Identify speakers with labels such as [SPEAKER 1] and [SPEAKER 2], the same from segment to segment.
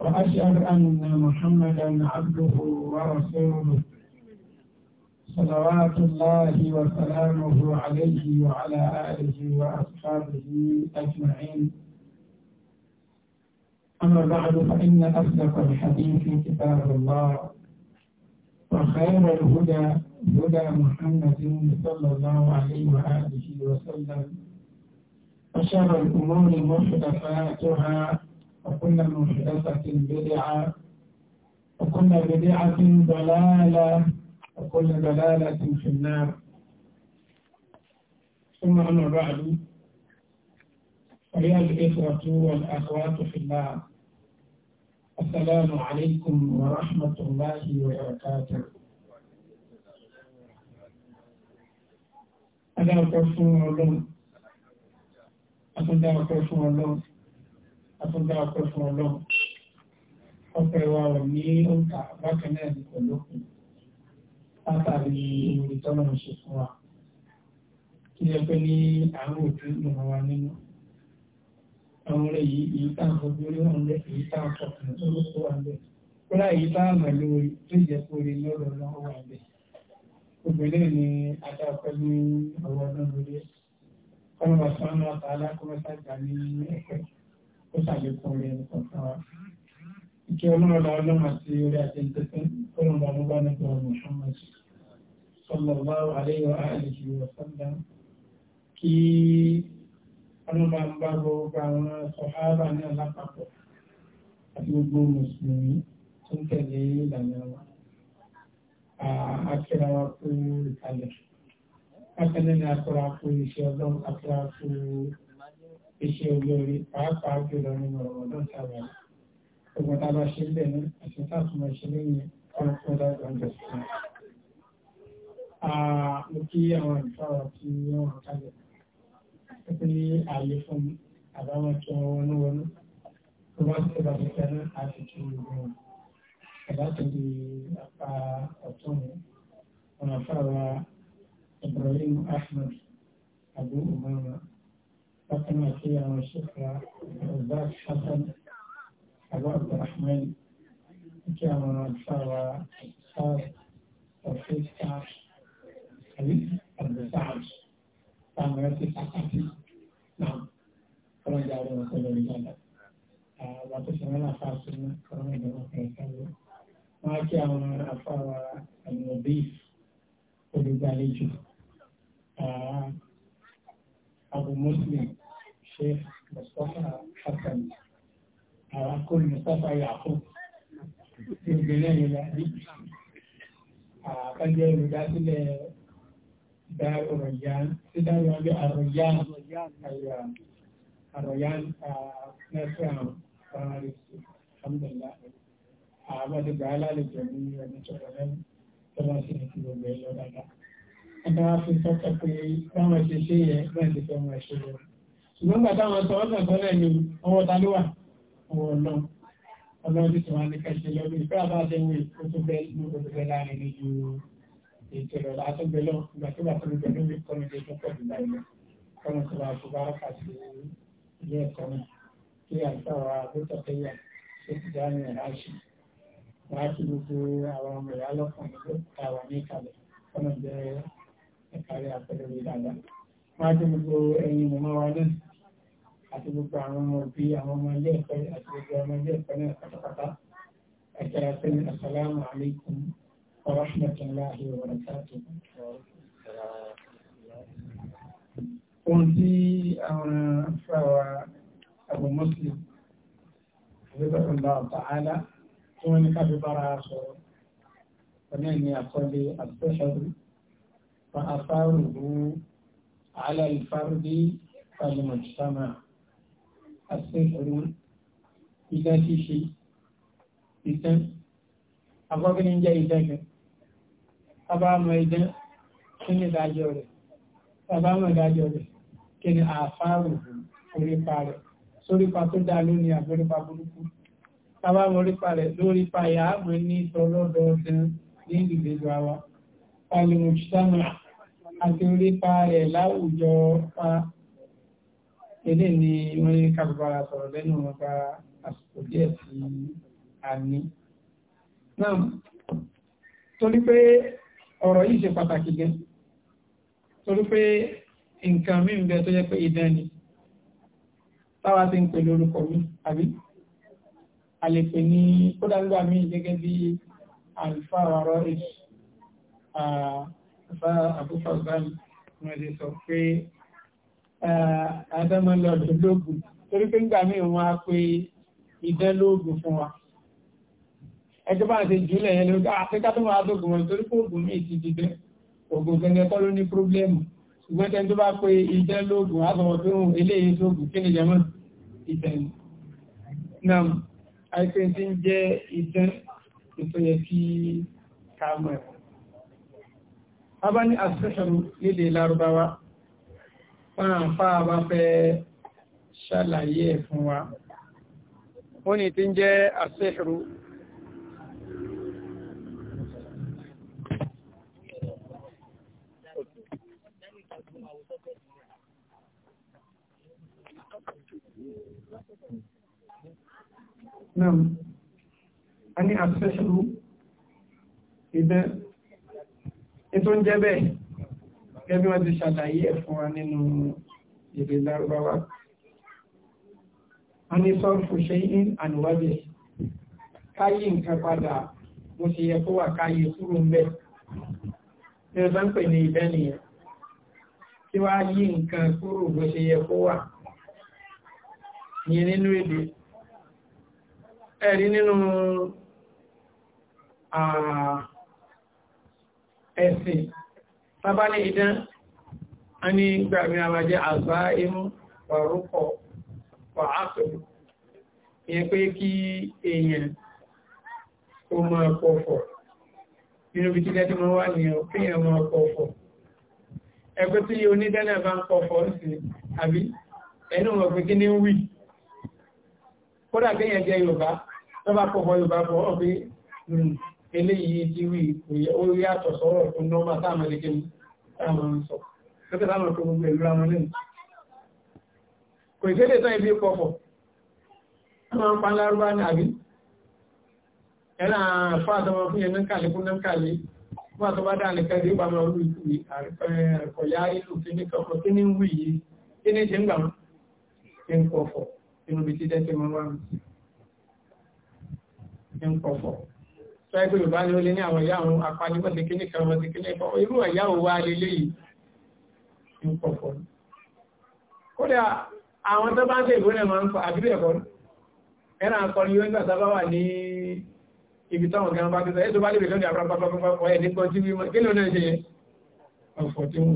[SPEAKER 1] وأشهد أن محمدا عبده ورسوله صلوات الله وسلامه عليه وعلى آله وأصحابه أجمعين أما بعد فإن أصدق الحديث كتاب الله وخير الهدى هدى محمد صلى الله عليه وآله وسلم وشر الأمور محدثاتها وكل محدثة بدعة وكل بدعة ضلالة وكل ضلالة في النار ثم أما بعد فيا الإخوة والأخوات في الله السلام عليكم ورحمة الله وبركاته أنا أقول لكم أنا أقول لكم àtúndà ọpẹ́ fún Ọlọ́run ọpẹ́ wa rọ ní òǹkà bákan náà ní pẹ̀lú òkun látàrí ìtọ́nà ṣe fún wa kí ẹ pé ní àárò tí ń dùn wa nínú àwọn ọ̀rẹ́ yìí èyí tá à ń fojú orí wọn lẹ èyí tá à ń fọkàn lórúkọ wa lẹ kúrò èyí tá à mọ̀ lórí tó jẹ́ kó rí lọ́rọ̀ lọ́wọ́ wa lẹ obìnrin ni adá ọpẹ́ ní ọwọ́ ọdún lórí ẹ sọ́nà ọ̀tá alákọ̀ọ́sá gbà ní ẹ̀kọ́ ó ṣàlékún rẹ̀ ọ̀kan wa. Ìkẹ́ ọlọ́rọ̀lá ọlọ́run àti orí àti ìtẹ́tẹ́ ọlọ́run ọmọ bá nípa ọmọ Muhammad sallallahu alaihi wa alihi wa sallam kí ọlọ́run bá ń bá gbogbo àwọn sọ̀hábà náà lápapọ̀ àti gbogbo mùsùlùmí tó ń tẹ̀lé ìlànà wa. Akẹ́ra kú ìkàlẹ̀. Akẹ́lẹ́ ni akọ́ra kú iṣẹ́ ọlọ́run akẹ́ra kú ìkàlẹ̀ iṣẹ́ olórí pàápàá jùlọ nínú ọ̀rọ̀ náà sábà ọgbọ̀n tá a bá ṣe bẹ́ẹ̀ ní àti táàtúmọ̀ ṣe lẹ́yìn ọ̀pọ̀ dáadáa jọ sí i. mo kí àwọn ìfọwọ́ tí wọ́n wà kalẹ̀ ó pé ààyè fún àbáwọn kí wọ́n wọnú wọnú tó bá ti bá ti tẹ́lẹ̀ àti kí wọ́n wọ́n ẹ̀dá tó di apá ọ̀tún mi wọn àfọwọ́ Ibrahim Ahmed Abu Umar. فاطمة فيها وشكرا وزاد حسن أبو عبد الرحمن كان الفاوى صار توفيق سعد حبيب عبد سعد كان مرتي سعد نعم كما جاء لنا كل رجال وتسمعنا فاسمنا كما جاء لنا كل رجال ما كان الفاوى النظيف ولذلك أبو مسلم الشيخ مصطفى حسن أقول مصطفى يعقوب في البلاد الأهلي آه، قد يدخل دار الريان في دار الريان الريان الريان آه، نسرع فارس يعني. الحمد لله أعمد آه، بعلى للجميع ونشكرا كما سنتي بالله ẹ̀ka wá fi sọ́kẹ̀ pé báwọn ṣe ṣe yẹ bẹ́ẹ̀ ti fẹ́ wọn ṣe yẹ. ṣùgbọ́n gbàtà wọn sọ ọ́sàn tó lẹ̀ ní ọwọ́ ta ló wà ọwọ́ ọlọ́run ọlọ́run ti tìwọ́n ní kẹ́ṣe lọ́dún ìfẹ́ àbáṣẹ́wé ó tún bẹ́ẹ̀ ní gbogbo bẹ́ẹ̀ láàrin ní ju ètò ìrọ̀lá tó gbé lọ ìgbà tó bá tó gbé lórí kọ́ni tó tún pọ̀ jùlọ ilẹ̀ kọ́ni tó bá tó bá rọ́pà sí ilé ẹ̀kọ́ náà kí àlùfáà wa àbútọ́ tẹ́yà tó ti dá ní ẹ̀rá ṣe wàá kí gbogbo ẹ̀kàrí àpẹẹrẹ dáadáa. Máa jẹ́ gbogbo ẹ̀yin mọ̀mọ́ wa náà àti gbogbo àwọn ọmọ òbí àwọn ọmọ ilé ẹ̀kọ́ àti gbogbo ọmọ ilé ẹ̀kọ́ náà pátápátá. Ẹ̀kẹ́ra pé ní Assalamu alaikum wa rahmatullahi wa barakatuh. Ohun tí àwọn afẹ́wà Abu Muslim, Abdullahi Ta'ala, tí wọ́n ní kábíbára sọ̀rọ̀, ọ̀nà ìní àkọlé àti فأثاره على الفرد والمجتمع السحر إذا تشي إذا أقول إن جاء إذا أبا ما إذا كن داجوري أبا ما داجوري كن آثاره orípaare sórípa tó dá lónìí àbórípa burúkú tábà mọrípaare lórípa ìyá àmọ́ ní ìtọ́lọ́dọọdún ní ìdílé wa pálí mọ̀ṣítàmù àti orípa rẹ̀ láwùjọ pa ilé ni wọ́n ní kàbàbàrà sọ̀rọ̀ lẹ́nu ọba àsìkò díẹ̀ sí àní. náà torí pé ọ̀rọ̀ yìí ṣe pàtàkì gan torí pé nǹkan mí ń bẹ tó jẹ́ pé idán ni táwa ti ń pè lórúkọ mi àbí àlèpè ní kódà nígbà míì gẹ́gẹ́ bí àlùfáà ọ̀rọ̀ èṣù bá àbúfà báyìí wọ́n ti sọ pé adámọ́lọ́dún lóògùn torí pé nígbà míì wọ́n á pé ìdán lóògùn fún wa ẹjọ́ bá ti jùlẹ̀ yẹn lórí àfíkà tó máa dógùn wọn torí pé ògùn míì ti dìdẹ́ ògùn gẹ́gẹ́ kọ́ ló ní pírọ́blẹ́mù ṣùgbọ́n tẹ́ni tó bá pé ìdán lóògùn á sọ̀rọ̀ pé òun eléyìí sóògùn kí ni jẹ́mọ́ ìtẹ̀yìn náà àìpé ti ń jẹ́ ìdán ètò kí ká mọ̀ ẹ̀kọ́ a bá ní àṣẹ́ṣẹ̀rù lédè lárúbáwá pàǹfà bá fẹ́ ṣàlàyé ẹ̀ fún wa ó ní tí ń jẹ́ àṣẹ́ṣẹ̀rù Nam, a ní àṣẹ́ṣẹ̀rù ìdẹ́ tó ń jẹ́ bẹ́ẹ̀ gẹ́gẹ́ bí wọ́n ti ṣàlàyé ẹ̀ fún wa nínú èdè lárúbáwá a ní sọ́ọ̀fù ṣe ń ànúwájẹ̀ káyé nǹkan padà mo ṣe yẹ kó wà káyé kúrò ń bẹ̀ ní ọ̀sán pè ní ìbẹ́ nìyẹn tí wàá yí nǹkan kúrò bó ṣe yẹ kó wà yẹn nínú èdè ẹ̀rí nínú ẹ̀sìn bàbá ní idán a ní gbàmí àwàjẹ́ àgbà imú wà rúkọ wà ápẹ̀lú ìyẹn pé kí èèyàn ó mọ́ ọ̀pọ̀fọ̀ nínú bí títẹ́ tí wọ́n wà ní ọ̀pẹ́yàn mọ́ ọ̀pọ̀fọ̀ ẹgbẹ́ tí onídánà bá ń pọ̀fọ̀ sí àbí ẹnu ọ̀pẹ́ kí ní wì kódà kéèyàn jẹ́ Yorùbá tó bá pọ̀fọ̀ Yorùbá pọ̀ ọ̀pẹ́ eléyìí ti rí orí àtọ̀ sọ́rọ̀ tó nọ́mà táàmà lè kí táàmà ń sọ lókẹ́ táàmà tó gbogbo ìlú àwọn lẹ́nu kò ìfẹ́lẹ̀ tán ibi pọ̀pọ̀ táàmà ń pa lárúbá ní àbí ẹ̀nà fáàtọ̀mọ̀ fún yẹn nánkàlé fún nánkàlé wọ́n tó bá dá nìkan sí ìpamọ́ orí ìkọ̀yá ìlú kíní kọ̀ọ̀kọ̀ kíní ń wù yìí kíní ti ń gbà ń pọ̀pọ̀ inú bí ti tẹ́tẹ́ mọ́ wá ń pọ̀pọ̀ sọ́yẹ́ pé yorùbá ni ó lé ní àwọn ìyá àwọn apanimọ́ ti kíní kan wọ́n ti kíní kan irú ẹ̀yà ò wá lé léyìí ń pọ̀ pọ̀ kódà àwọn tó bá ń tẹ̀gbọ́n náà máa ń fa àbílẹ̀ ẹ̀kọ́ ẹ̀rọ akọni yóò nígbà sábà wà ní ibi táwọn gan bá ti sọ ètò bá lè bèèrè àwọn apapapapapọ̀ ẹ̀ nípa tí wíwọ́ kí ló náà ṣe yẹ ọ̀fọ̀ tí ń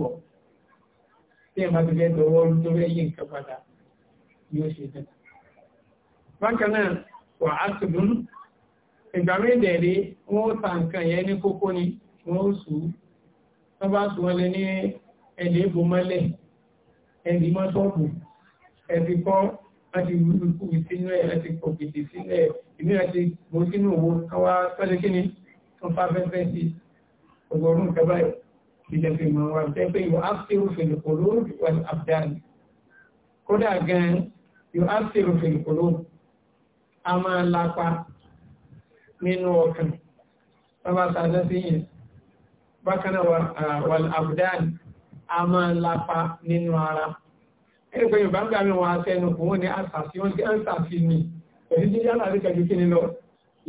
[SPEAKER 1] wọ̀ ìgbà méjì rí wọ́n ta nǹkan yẹn ní kókó ni wọ́n sù ú wọ́n bá sù wọ́n lé ní ẹ̀lẹ́ ìbò mọ́lẹ̀ ẹ̀dì mọ́tọ́ọ̀bù ẹ̀fì kọ́ láti rúkú sínú ẹ̀ láti pọ̀pìtì sínú ẹ̀ ìmí àti mo sínú owó káwá pẹ́lẹ́ kí ni wọ́n fa fẹ́fẹ́ sí ọgọ́rùn-ún kẹba ìjẹ̀fẹ̀ mọ̀ wà jẹ́ pé yóò áfẹ́ òfin ìkòló wà kódà gan yóò áfẹ́ òfin ìkòló a máa lápa nínú ọkàn bàbá tàbí sí yìí bákan náà wal abdan a máa lápa nínú ara ẹgbẹ́ yorùbá ń gbàmí wọn aṣẹ́nu kò wọ́n ní àṣàfi wọ́n ti àṣàfi ni pẹ̀lú jíjá láti kẹjú kí ni lọ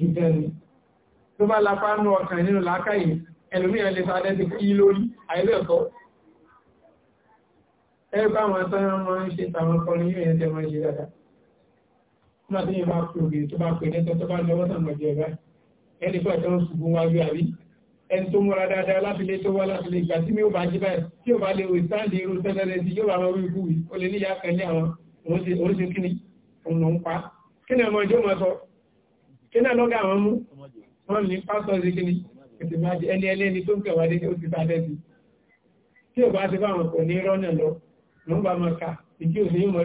[SPEAKER 1] ìdẹni tó bá lápá nú ọkàn nínú làákàyè ẹlòmíràn lè sáré ti kí lórí àìlẹ́ẹ̀kọ́ ẹgbẹ́ àwọn atọ́yọ́ máa ń ṣe tàwọn kọrin yóò yẹn tẹ́ máa ń ṣe dáadáa nígbà tí yẹn tó bá pè ní tó bá lọ́wọ́ sàmọ̀jẹ̀ báyìí ẹni fún ẹ̀tọ́ ṣùgbọ́n wá rí àrí ẹni tó múra dáadáa láfilé tó wá láfilé ìgbà tí mi ò bá jí báyìí tí ò bá lè wò ìsáàlì irú tẹ́lẹ̀lẹ́ sí yóò bá wọn wí fúwì ó lè níyà kan ní àwọn oríṣi kíni òun ń pa kí ni ọmọ ìjọ máa sọ kí ni ọlọ́gà àwọn mú wọn ní pásítọ̀ sí kíni ètò máa di ẹni ẹlẹ́ni tó ń kẹwàá dé ó ti sáfẹ́ sí tí ò bá ti bá wọn kò ní rọ́nà lọ ló ń bá máa ka ìdí òsè yóò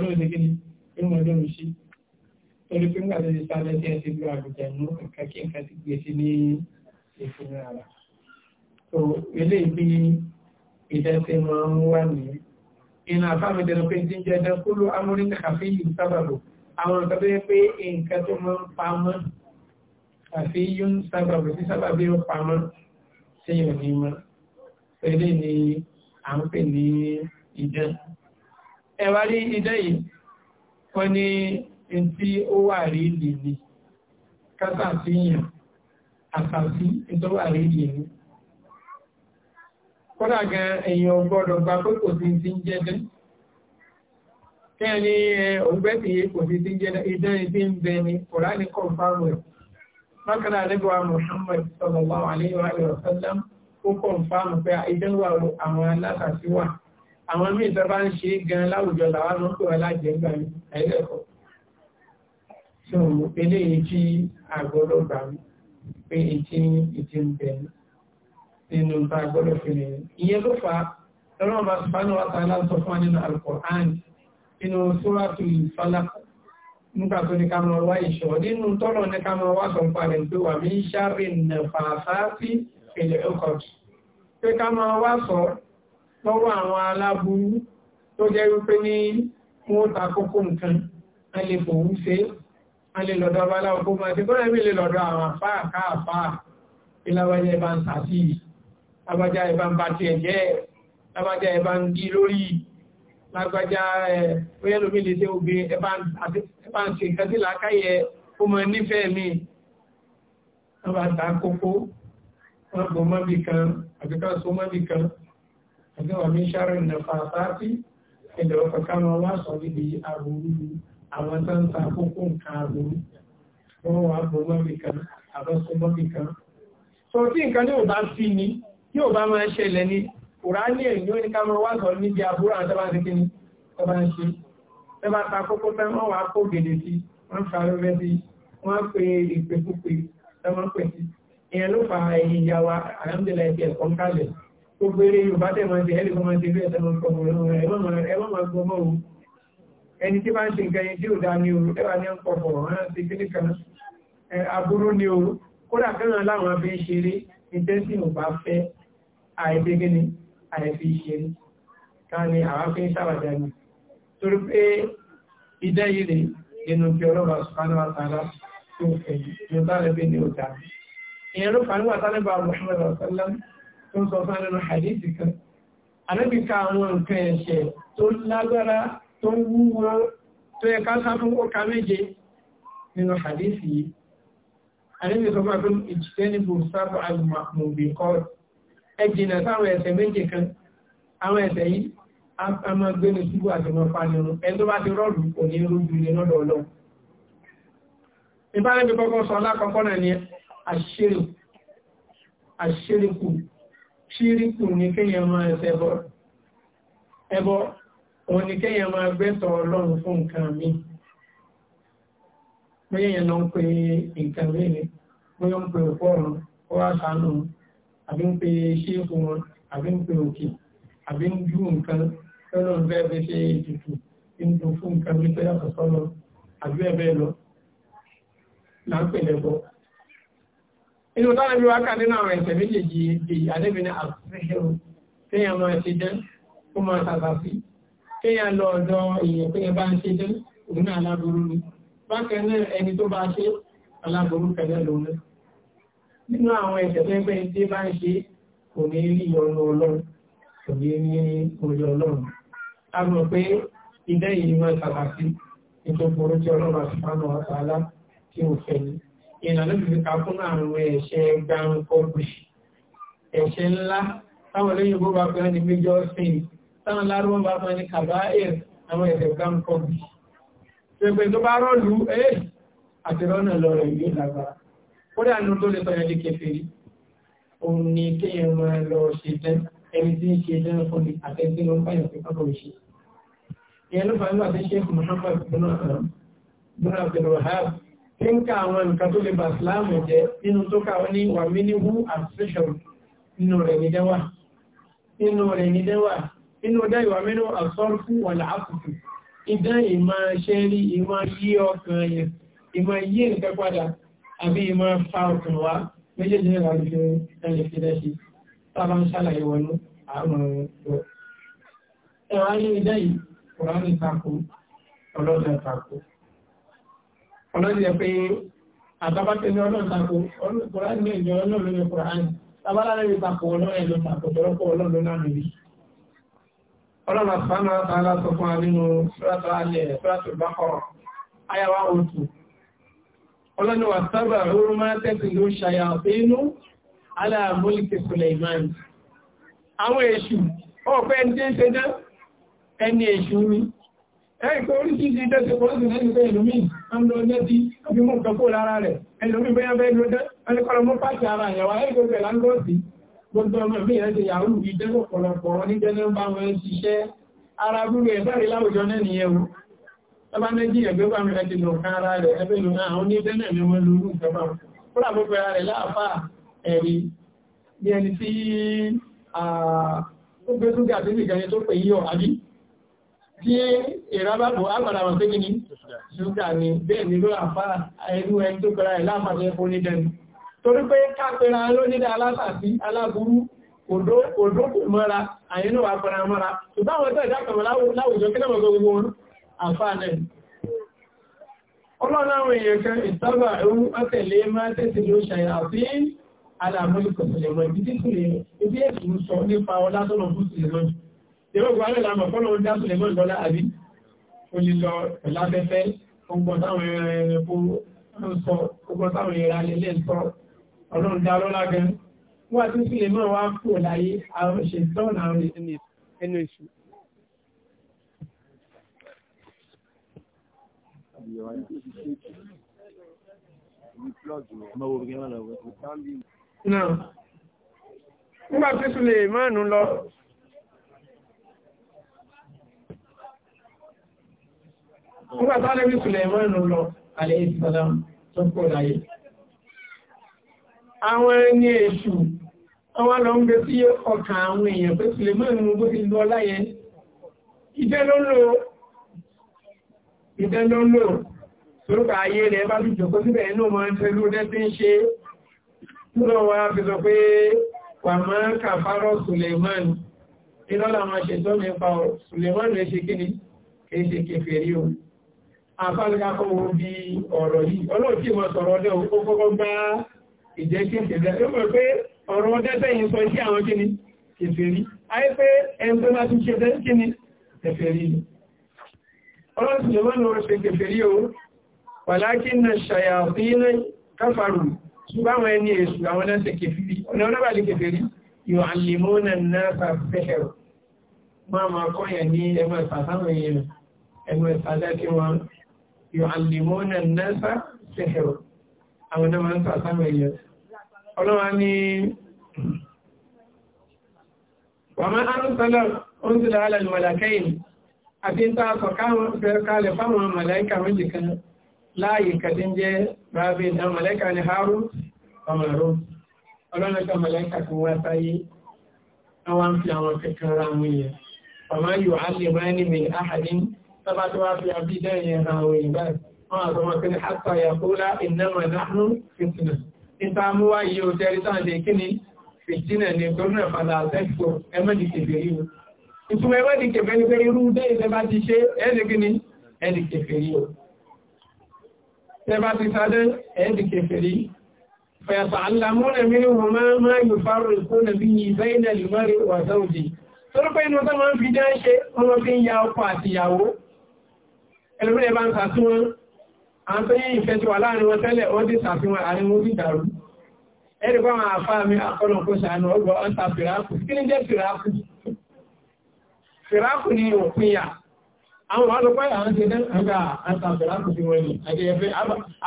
[SPEAKER 1] torí pé nígbà tó ti sáré tí ẹ ti lo àlùjẹ̀nú nǹkan kí nǹkan ti gbé sí ní ìfihàn ara so eléyìí bí ìdẹ́sẹ̀ máa ń wà ní iná àfáàmì dẹnu pé tí ń jẹ́ dán kúlù amúrí kàfíyì sábàbò àwọn nǹkan tó yẹ pé nǹkan tó máa ń pamọ́ kàfíyì sábàbò sí sábàbí ó pamọ́ sí òní mọ́ eléyìí ni à ń pè ní ìdán ẹ̀wá rí ìdán yìí wọ́n ní in tí ó wà rí lè ní kásàfihàn àtàfí in tó wà rí lè ní kódà gan èèyàn gbọ́dọ̀ gba pé kò sí ti ń jẹ́dẹ́ kẹ́ni ògbẹ́sì kò sí ti ń jẹ́dẹ́ ìdán ìdí ń bẹ ni kòrá ní kọ̀ǹfàmù ẹ̀ bákanáà nígbà Muhammad sallallahu alaihi wa sallam ó kọ̀ǹfàmù pé ìdán wà àwọn alátàsí wà àwọn míì tó bá ń ṣe gan láwùjọ làwọn mọ́tò alájẹgbà ẹ̀ẹ́dẹ̀kọ̀ọ́ so eléyìí tí àgbọ́dọ̀ gbà mí pé ìtí ìtí ń bẹ̀ nínú bá àgbọ́dọ̀ fi lè ìyẹn ló fà lọ́rọ̀ bá sùpánù wa tààlà sọ fún wa nínú Al-Qur'an nínú sóràtù Falaq nígbà tó ní ká máa wá ìṣọ́ nínú tọ́lọ̀ ní ká máa wá sọ ń parẹ̀ pé wà mí ṣáre nàfà sáàtì ilẹ̀ ọkọ̀t pé ká máa wá sọ lọ́wọ́ àwọn aláburú tó jẹ́ wípé ní wọ́n ta kókó nǹkan wọ́n lè fòun ṣe é wọ́n lè lọ́dọ̀ babaláwo kó máa ti kọ́ ẹ̀mí lè lọ́dọ̀ àwọn àfáà káàfáà ìlàwẹ́jẹ́ ìbá ń sàtì lágbájá ìbá ń bá ti ẹ̀jẹ́ lágbájá ìbá ń gí lórí lágbájá ẹ̀ẹ́lómi lè tẹ́ obì ẹbá ń ṣe nǹkan sí làákàyẹ ó mi wọ́n bá ta kókó wọ́n bò mọ́bì kan àbíká so mọ́bì kan àbíwà mi ṣáré àwọn tó ń ta àkókò nǹkan àbúrú wọ́n wà bọ́ lọ́bì kan àbọ̀sọ lọ́bì kan. sọ tí nǹkan ní ò bá sí ni tí ò máa ṣẹlẹ̀ ni kùránì ẹ̀yìn ó ní ká máa wá sọ níbi àbúrò àwọn tọ́ba ti kíni tọ́ba ń ṣe tọ́ba ta kókó tán wọ́n wà kó gèdè sí wọ́n fa afẹ́fẹ́ sí wọ́n pe ìpèkúpe tọ́mọ́ pè sí. ìyẹn ló fa ẹ̀yìn ìyá wa àyàmúdẹ̀lẹ̀ ẹ̀kẹ́ ẹ̀kọ́ ń kalẹ̀ gbogbo eré Yorùbá tẹ̀ ẹni tí bá ń ṣe nǹkan yẹn tí ò dá ní oru ẹwà ní ọ̀pọ̀ ọ̀rán ti gbé nìkan aburú ní oru kódà kẹ́ràn láwọn abẹ́ ṣeré ìtẹ́sí ò bá fẹ́ àìdégéni àìfi ṣeré ká ní àwáfẹ́ sáwàdà ni torí pé idẹ́ yìí rèé nínú kí ọlọ́ba sùpánù àtàlá tó fẹ̀ ní sáré bí ní ọjà ìyẹn ló fàánù àtàlẹ́ bá Muhammad sallam tó ń sọ fún àwọn hadith kan àlẹ́bí àwọn nǹkan ẹ̀ṣẹ̀ tó lágbára tó ń wú wọn tó yẹ káńsá fún ọkà méje nínú hadisi yìí àníbi sọ fún ìjìdẹ́nìbò sábà àgbàmọ̀bì kọ́ ẹjìnà sáwọn ẹ̀ṣẹ̀ méje kan àwọn ẹ̀ṣẹ̀ yìí a máa gbénu síbú àtọmọ fanirun ẹni tó bá ti rọrùn kò ní rújú ní lọ́dọ̀ ọlọ́run ìbáraẹni ni àṣírí àṣírí kù ṣírí kù òun ni kéèyàn máa gbẹ́tọ̀ ọlọ́run fún nǹkan mi bóyá èèyàn lọ ń pe nǹkan mi ni bóyá ń pe òkú ọ̀run ó wá sànù àbí ń pe ṣéèkù wọn àbí ń pe òkè àbí ń ju nǹkan lọ́nà bẹ́ẹ̀ fi ṣe ètùtù ń dùn fún nǹkan mi tó yàtọ̀ sọ́nà àbí ẹ̀ bẹ́ẹ̀ lọ là ń pè lẹ́bọ̀. inú táwọn ẹbí wa kà nínú àwọn ẹ̀sẹ̀ méjèèjì èyí adébìnrin àti ṣẹ́ṣẹ́ o téèyàn máa ṣe dán ó máa ṣàṣàfihàn kéèyàn lọ ọ̀dọ̀ èèyàn pé ẹ bá ń ṣe dé òun náà aláburú ni bákan náà ẹni tó bá ṣe aláburú kẹlẹ́ lòun náà nínú àwọn ẹ̀ṣẹ̀ tó ń pẹ́ tí bá ń ṣe kò ní rí ọ̀nà ọlọ́run kò ní rí orí ọlọ́run a rò pé ilé yìí máa tàbàtí nítorí tí ọlọ́run àti fánà àtàlá tí ó fẹ́ ní ìlànà ìfìkà fún àwọn ẹ̀ṣẹ̀ gbáǹkọ́gbì ẹ̀ṣẹ̀ ńlá táwọn olóyìnbó bá pẹ́ ní méjọ́ sìn táwọn lárúwọ́n bá fún ẹni kàbáyìr àwọn ẹ̀sẹ̀ kan kọ́ bí pẹ̀pẹ̀ tó bá rọ́lù ẹ́ àtìrọ́nà lọ rẹ̀ yóò lágbára ó dà nù tó lè sọ ẹni kẹfẹ́rí òun ni kéèyàn máa lọ ṣe tẹ́ ẹni tí ń ṣe dáná fún mi àtẹ́sí ló ń báyọ̀ pé kọ́kọ́ mi ìyẹn ló fàá nígbà tí Sheikh Muhammad bin Abdul Wahab tí ń ka àwọn nǹkan tó lè bà síláàmù jẹ nínú tó ka ní wà mí ní wú àṣìṣọ́ rẹ̀ ní dẹ́wà inú dá ìwà mẹ́nu àsọ́rùfù wọ̀lá àkùkù ìdá ìmá ṣe rí ìmá yí ọkàn yẹn ìmá yí nǹkan padà àbí ìmá fa ọkàn wá méjèèjì náà lè ẹni fi dá sí sábà ń ṣàlàyé wọnú àwọn ọ̀rọ̀ ẹ̀wọ̀n ayé ìdá yìí kùrán ní tako ọlọ́dẹ tako ọlọ́dẹ pé àbábátẹ́ ní ọlọ́dẹ tako kùrán ní ìjọ ọlọ́dẹ kùrán tábàlá lẹ́yìn tako ọlọ́dẹ ló tako tọ́lọ́pọ̀ ọlọ́dẹ náà lórí ọlọ́nà sọ́nà tààlà sọ fún àrínú sọ́rọ̀tọ̀ bákọ̀rọ̀ ayàwá òtù ọlọ́niwà sábà rúrú máa tẹ́sì ló ṣàyà ọ̀fẹ́inú aláàmúlìkì Suleiman àwọn èṣù ọ̀pẹ́ ẹni tí ń ṣe dá ẹni èṣù ni ẹ̀kọ́ oríṣìí tẹ́sì pọ̀lọ́sì gbogbo ọmọ ìbí ẹ̀ẹ́sẹ̀ yàwó ìdẹ́gbò pọ̀lọpọ̀ ní jẹ́nẹ́mbà wọn ṣiṣẹ́ ara gúrú ẹ̀bárí láwùjọ náà ni ẹwù ọba méjì ẹgbẹ́ bá mi láti lọ kan ara rẹ̀ ẹgbẹ́ lọ náà ní jẹ́nẹ́ mi wọ́n lórú ìjọba fúra gbogbo ara rẹ̀ láàfà ẹ̀rí bí ẹni tí ó gbé súgà sí ìgbẹ̀ni tó pè yíyọ àbí tí ìrábàbò àgbàdà wọn pé kí ni ṣúgà ni bẹ́ẹ̀ ni ló àfà ẹnu ẹni tó kọra rẹ̀ láàfà torí pé kápẹ́ra lónídà alátàbí aláburú òdó òdó kò mọ́ra àyínú àpẹra mọ́ra ìbáwọn tó ìdákàmọ́ láwùjọ kí náà gbogbo wọn àfáàlẹ̀ ọlọ́run àwọn èèyàn kan ìtọ́gbà ẹ̀rú ọ́tẹ̀lé máa tẹ́sí ló ṣàyà àfi alàmúlù kọ̀sẹ̀lẹ̀mọ̀ ibi tí kò lè ibi èsì ń sọ nípa ọlá tọ́nà fún sílẹ̀mọ̀ ìwé gbogbo alẹ́ làmọ̀ fọ́nà ń dá sílẹ̀mọ̀ lọ́lá àbí ọgbọ̀n táwọn ẹ̀rẹ́ ẹ̀rẹ́ ọlọ́run dá lọ́lá gan wọ́n àti sílẹ̀ mọ́ wá kú láyé àwọn ṣètọ́n àwọn ẹnu èṣù. Náà, nígbà tí sílẹ̀ mọ́nù lọ, nígbà tí sílẹ̀ mọ́nù lọ, àlẹ́ ìsìnkú tó kó láyé àwọn ẹni èṣù àwọn lọ ń gbé sí ọkà àwọn èèyàn pé Sulemanu bó ti lọ láyẹ ìdẹ́ ló lò ìdẹ́ ló lò lórúkọ ayé rẹ̀ bá lùjọ kó síbẹ̀ inú ọmọ ẹ̀tẹ́lú dẹ́sí ń ṣe lọ́wọ́ wá fi sọ pé wà máa kàfárọ̀ Sulemanu iná làwọn ṣètọ́ mi pa ọ̀ kọ́ wo bí ọ̀rọ̀ yìí ọlọ́ọ̀tí mọ̀ sọ̀rọ̀ ọdẹ òkú kọ́kọ́ gbáà ìjẹ́ ṣe ìṣẹ̀lẹ̀ ó mọ̀ pé ọ̀rọ̀ wọn tẹ́tẹ́ yìí sọ iṣẹ́ àwọn kíni kèfèrí ayé pé ẹni tó bá tún ṣe tẹ́ kíni kèfèrí ọlọ́run sì lọ́wọ́ lọ́wọ́ ṣe kèfèrí o pàlákì na ṣàyàfí ní káfàrù ṣùgbọ́n ẹni èṣù àwọn náà ṣe kèfèrí ọ̀nà ọlọ́bàlì kèfèrí yóò àlèmọ́ náà fàfẹ́hẹ̀rọ máa máa kọ́yẹ̀ ní ẹgbẹ́ ìfàsáwọn èèyàn ẹgbẹ́ ìfàsákí wọn yóò àlèmọ́ náà fàfẹ́hẹ̀rọ àwọn náà máa ń fàsáwọn èèyàn ọlọ́wà ní wàmá arúsọ́lọ́ oúnjẹ́lá alàlù mọ̀lákẹ́yìn àti ń tàà sọ kalẹ̀ fáwọn mọ̀láíkà méjì kan láàyè kàdí jẹ́ rábí ìdá mọ̀láíkà ní haru ọmọrú ọlọ́nàkà mọ̀láíkà kan wá sáyé àwọn fi àwọn kẹkàn ra àwọn èèyàn wàmá yóò alẹ́ máa ní mi áhàdín tó wá fi àbídẹ́ yẹn ra wọ́n àtọmọ́kẹ́ ní ìtàmúwá yìí ò tẹ́rí sáàdé kí ni fìtínà ní gómìnà padà àtẹ́kọ̀ ẹmẹ́dì kèfèrí o ìtumọ̀ ẹmẹ́dì kèfèrí pé irú dé ìtẹ́bá ti ṣe ẹ́dì kí ni ẹ̀dì kèfèrí o tẹ́bá ti sáré ẹ̀dì kèfèrí fẹ̀yàtọ̀ alamúnà mínú wọn máa yóò fárò ìkónà ya ọkọ̀ àtìyàwó àwọn tó yẹ́ ìfẹ́ ti wà láàrin wọn tẹ́lẹ̀ ó dé sàfihàn àrin wọn bí dàrú ẹ̀rì bá ni òpinya àwọn ọlọ́pàá àwọn ti dẹ́ àgbà àta fìràkù sí wọn ni àti ẹ̀fẹ́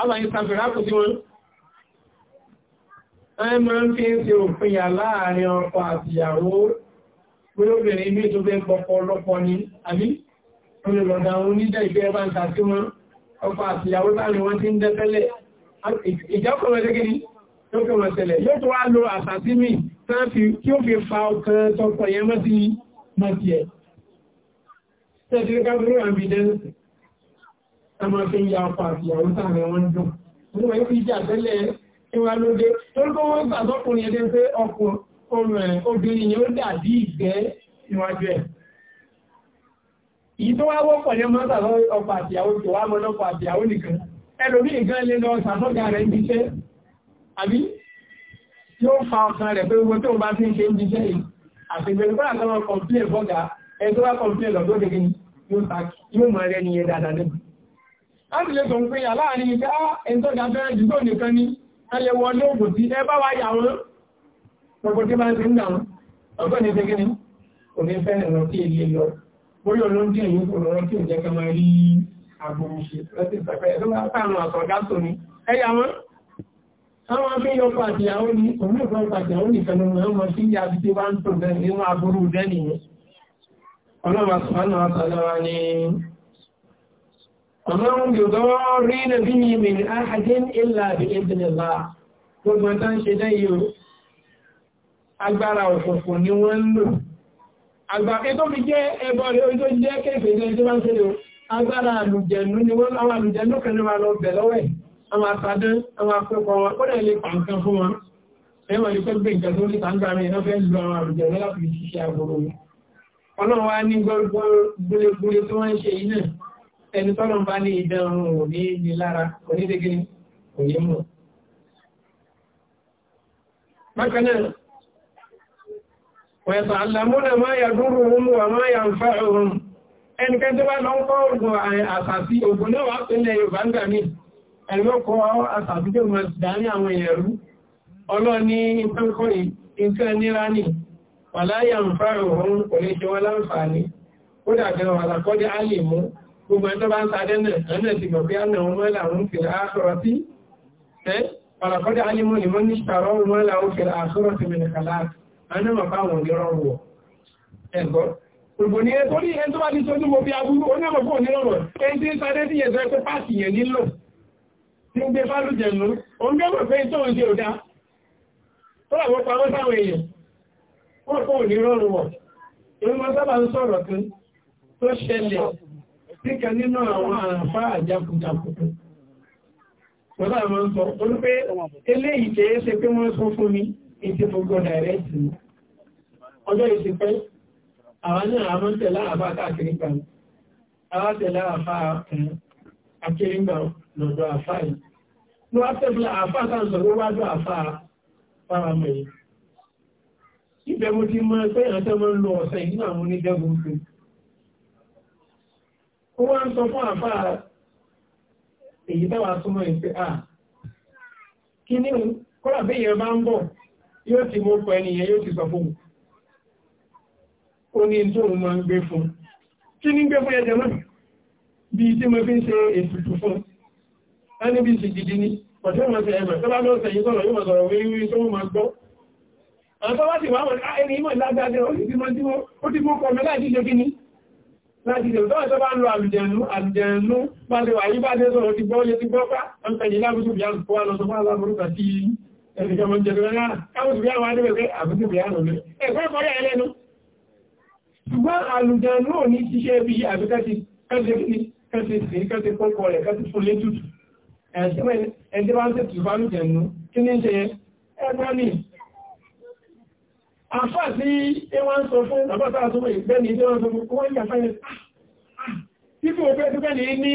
[SPEAKER 1] àbáyé ta fìràkù sí wọn ẹ máa ń fi ń ṣe òpinya láàrin ọkọ àtìyàwó gbólóbìnrin bí tó fẹ́ gbọ́pọ̀ ọlọ́pọ̀ ni àbí ọkọ àti ìyàwó báyìí wọ́n ti ń dẹ́tẹ́lẹ̀ ìjọ́kọ̀ọ́ gẹ́gẹ́rí tó kọmọ̀ tẹ́lẹ̀ yóò tó wá lo àsàsímì tí ó fi fa ọkàn tọkọ yẹn mọ́ sí mọ́tí ẹ̀ tẹ́tìríkàbúrú àbìdẹ́nsì a máa fi ń ya ọkọ àti ìyàwó sáàrin wọn dùn wọ́n wọ́n fi jà tẹ́lẹ̀ ìwà lóde tó ló wọ́n gbà tọkùnrin ẹ̀dẹ́ pé ọkùnrin obìnrin yẹn ó dà bí ìgbẹ́ níwájú ẹ̀ Ìyí tó wá wọ́pọ̀ ní mọ́ta ọkọ̀ àtìyàwó tó wá mọ́lọ́pọ̀ àtìyàwó nìkan. Ẹlòmí nǹkan lè lọ sàtọ́gà rẹ̀ ń jíṣẹ́. Àbí yóò fa ọkàn rẹ̀ pé gbogbo tó bá fi ń ṣe ń jíṣẹ́ yìí. Àfihàn ìgbà àtàwọn kọ̀m̀pílẹ̀ fọ́gà ẹni tó bá kọ̀m̀pílẹ̀ lọ́dọ́ gẹ́gẹ́ yóò mọ̀ rẹ̀ ní ẹ̀dà dáadáa. Láti lè tó ń pínyà láàrin ìgbà ah, ẹni tó wá yà wọn bóyọ̀ ló ń jẹ́ ìyún kò lọ́rọ́ tí ò jẹ́ kan máa rí agbóhunṣe láti ìpàpẹ́ ẹ̀rọ àpáàrùn àtọ̀dátò ni ẹ̀yà wọn àwọn afẹ́yọ pàtìyàwó ni òun ìfẹ́ ọmọ ń yọ̀dọ́ agbára òfòfò ni wọ́n lò àgbàkẹ́ tó fi jẹ́ ẹbọ rẹ̀ ojú jẹ́ kéèkéé ní ẹjọ́ bá ń ṣẹlẹ̀ o agbára àlùjẹ̀nú ni wọ́n àwọn àlùjẹ̀nú kan ní wa lọ bẹ̀ lọ́wọ́ ẹ̀ àwọn àpàdé àwọn akẹ́kọ̀ọ́ wọn ó dẹ̀ lè pa nǹkan fún wọn ẹ̀wọ̀n ni pé gbé nǹkan tó ní tàǹgbà rẹ̀ iná fẹ́ lu àwọn àlùjẹ̀nú láti fi ṣiṣẹ́ ويتعلمون ما يضرهم وما ينفعهم ẹnikẹ́ni tó bá lọ ń kọ́ ọ̀gbọ̀n àṣàsí ògbò náà wà pínlẹ̀ Yorùbá ń gbà ní ẹ̀lọ́kọ́ àṣàsí tó mọ̀ dání àwọn èèyàn rú ọlọ́ni ìpẹ́kọ́ ìkẹ́ nírá ní wà láyé àǹfààrù òun kò ní ṣe wọ́n láǹfààní ó dàgbẹ̀rẹ̀ wà lákọ́dé á gbogbo ẹ̀ bá ń sadẹ́ náà ẹ̀nà ti gbọ̀gbẹ́ àná wọn mọ́ làwọn fi àṣọrọ̀ sí ẹ́ wà lákọ́dé á ni wọ́n ní ṣàrọ̀ wọn làwọn fi àṣọrọ̀ sí mẹ́rin kàláàkì anáwà báwọn onírọ̀rùn wọ̀ ẹ̀gọ́ ògbò ní ẹ torí ẹni tó bá ti sojú mo bí aburú onímọ̀ fún onírọ̀rùn ẹni tí ń sáré sí ẹ̀sọ́ ẹ̀kọ́ páàkì yẹn nílò tí ń gbé fálùjẹ̀ nù ó ń gbẹ́mọ̀ pé tó ń ṣe òdá tó làwọ́ pamọ́ sáwọn èèyàn wọ́n fún onírọ̀rùn wọ̀ èyí wọ́n sábà ń sọ̀rọ̀ kan tó ṣẹlẹ̀ síkẹ nínú àwọn àfá àjákùjákùkù wọ́n sábà ń sọ olúpé eléyìí tẹ́ ṣe pé wọ́n sọ fún mi ìtí mo gbọ́dọ̀ rẹ̀ sí ọjọ́ ìṣẹ́pẹ́ àwọn náà a máa ń tẹ̀lá àbá káàkirigbà àwọn tẹ̀lá àfá akirigbà lọ́dọ̀ àfá yìí ló wá tẹ̀lá àfá kan sọ̀rọ̀ wájú àfá faramọ̀ yìí ibẹ̀ mo ti mọ ẹgbẹ́ yẹn tẹ́ máa ń lo ọ̀sẹ̀ yìí náà mo ní dẹ́gun fún ó wá ń sọ fún àfá èyí táwa súnmọ́ ìpè à kí ní kọ́lá bí ìyẹn bá ń bọ̀ yóò ti mú pẹ nìyẹn yóò ti sọ fún ó ní tó ń máa ń gbé fún kí ní gbé fún ẹjẹ náà bí i tí mo fi ń ṣe ètùtù fún a ní bí i sì gidi ní ọ̀tí wọn ṣe ẹ̀mẹ̀ tó bá lọ sẹ̀yìn sọ̀rọ̀ yóò sọ̀rọ̀ wíwí tó máa gbọ́ àwọn wá sì wá wọn ah, ẹni ìmọ̀ lágbàdẹ ó ti mọ́ tí ó ẹ̀fẹ̀jọ́ mọ́ jẹ́ lọ́nà káwọn ìgbé àwọn adébẹ̀ẹ́ àbúkù bí àrùn ní ẹ̀fẹ́ kọ́rẹ́ ẹlẹ́nu ṣùgbọ́n àlùjá náà ní ṣiṣẹ́ bí àbíkẹ́sì kẹ́sì kẹ́sì sí kẹ́sì pọ́pọ̀ rẹ̀ kẹ́sì fún létùtù ẹ̀ẹ́dẹ́ bá ń tẹ̀tù fálùjẹ̀nu kí ní ṣe ẹgbọ́n ní àfà sí ẹwà ń sọ fún àbátà àtúmọ̀ ìgbẹ́ni tí wọ́n sọ fún kó wọ́n yà fáyẹ̀ ah, ah, títí òfẹ́ tó kẹ́ni ní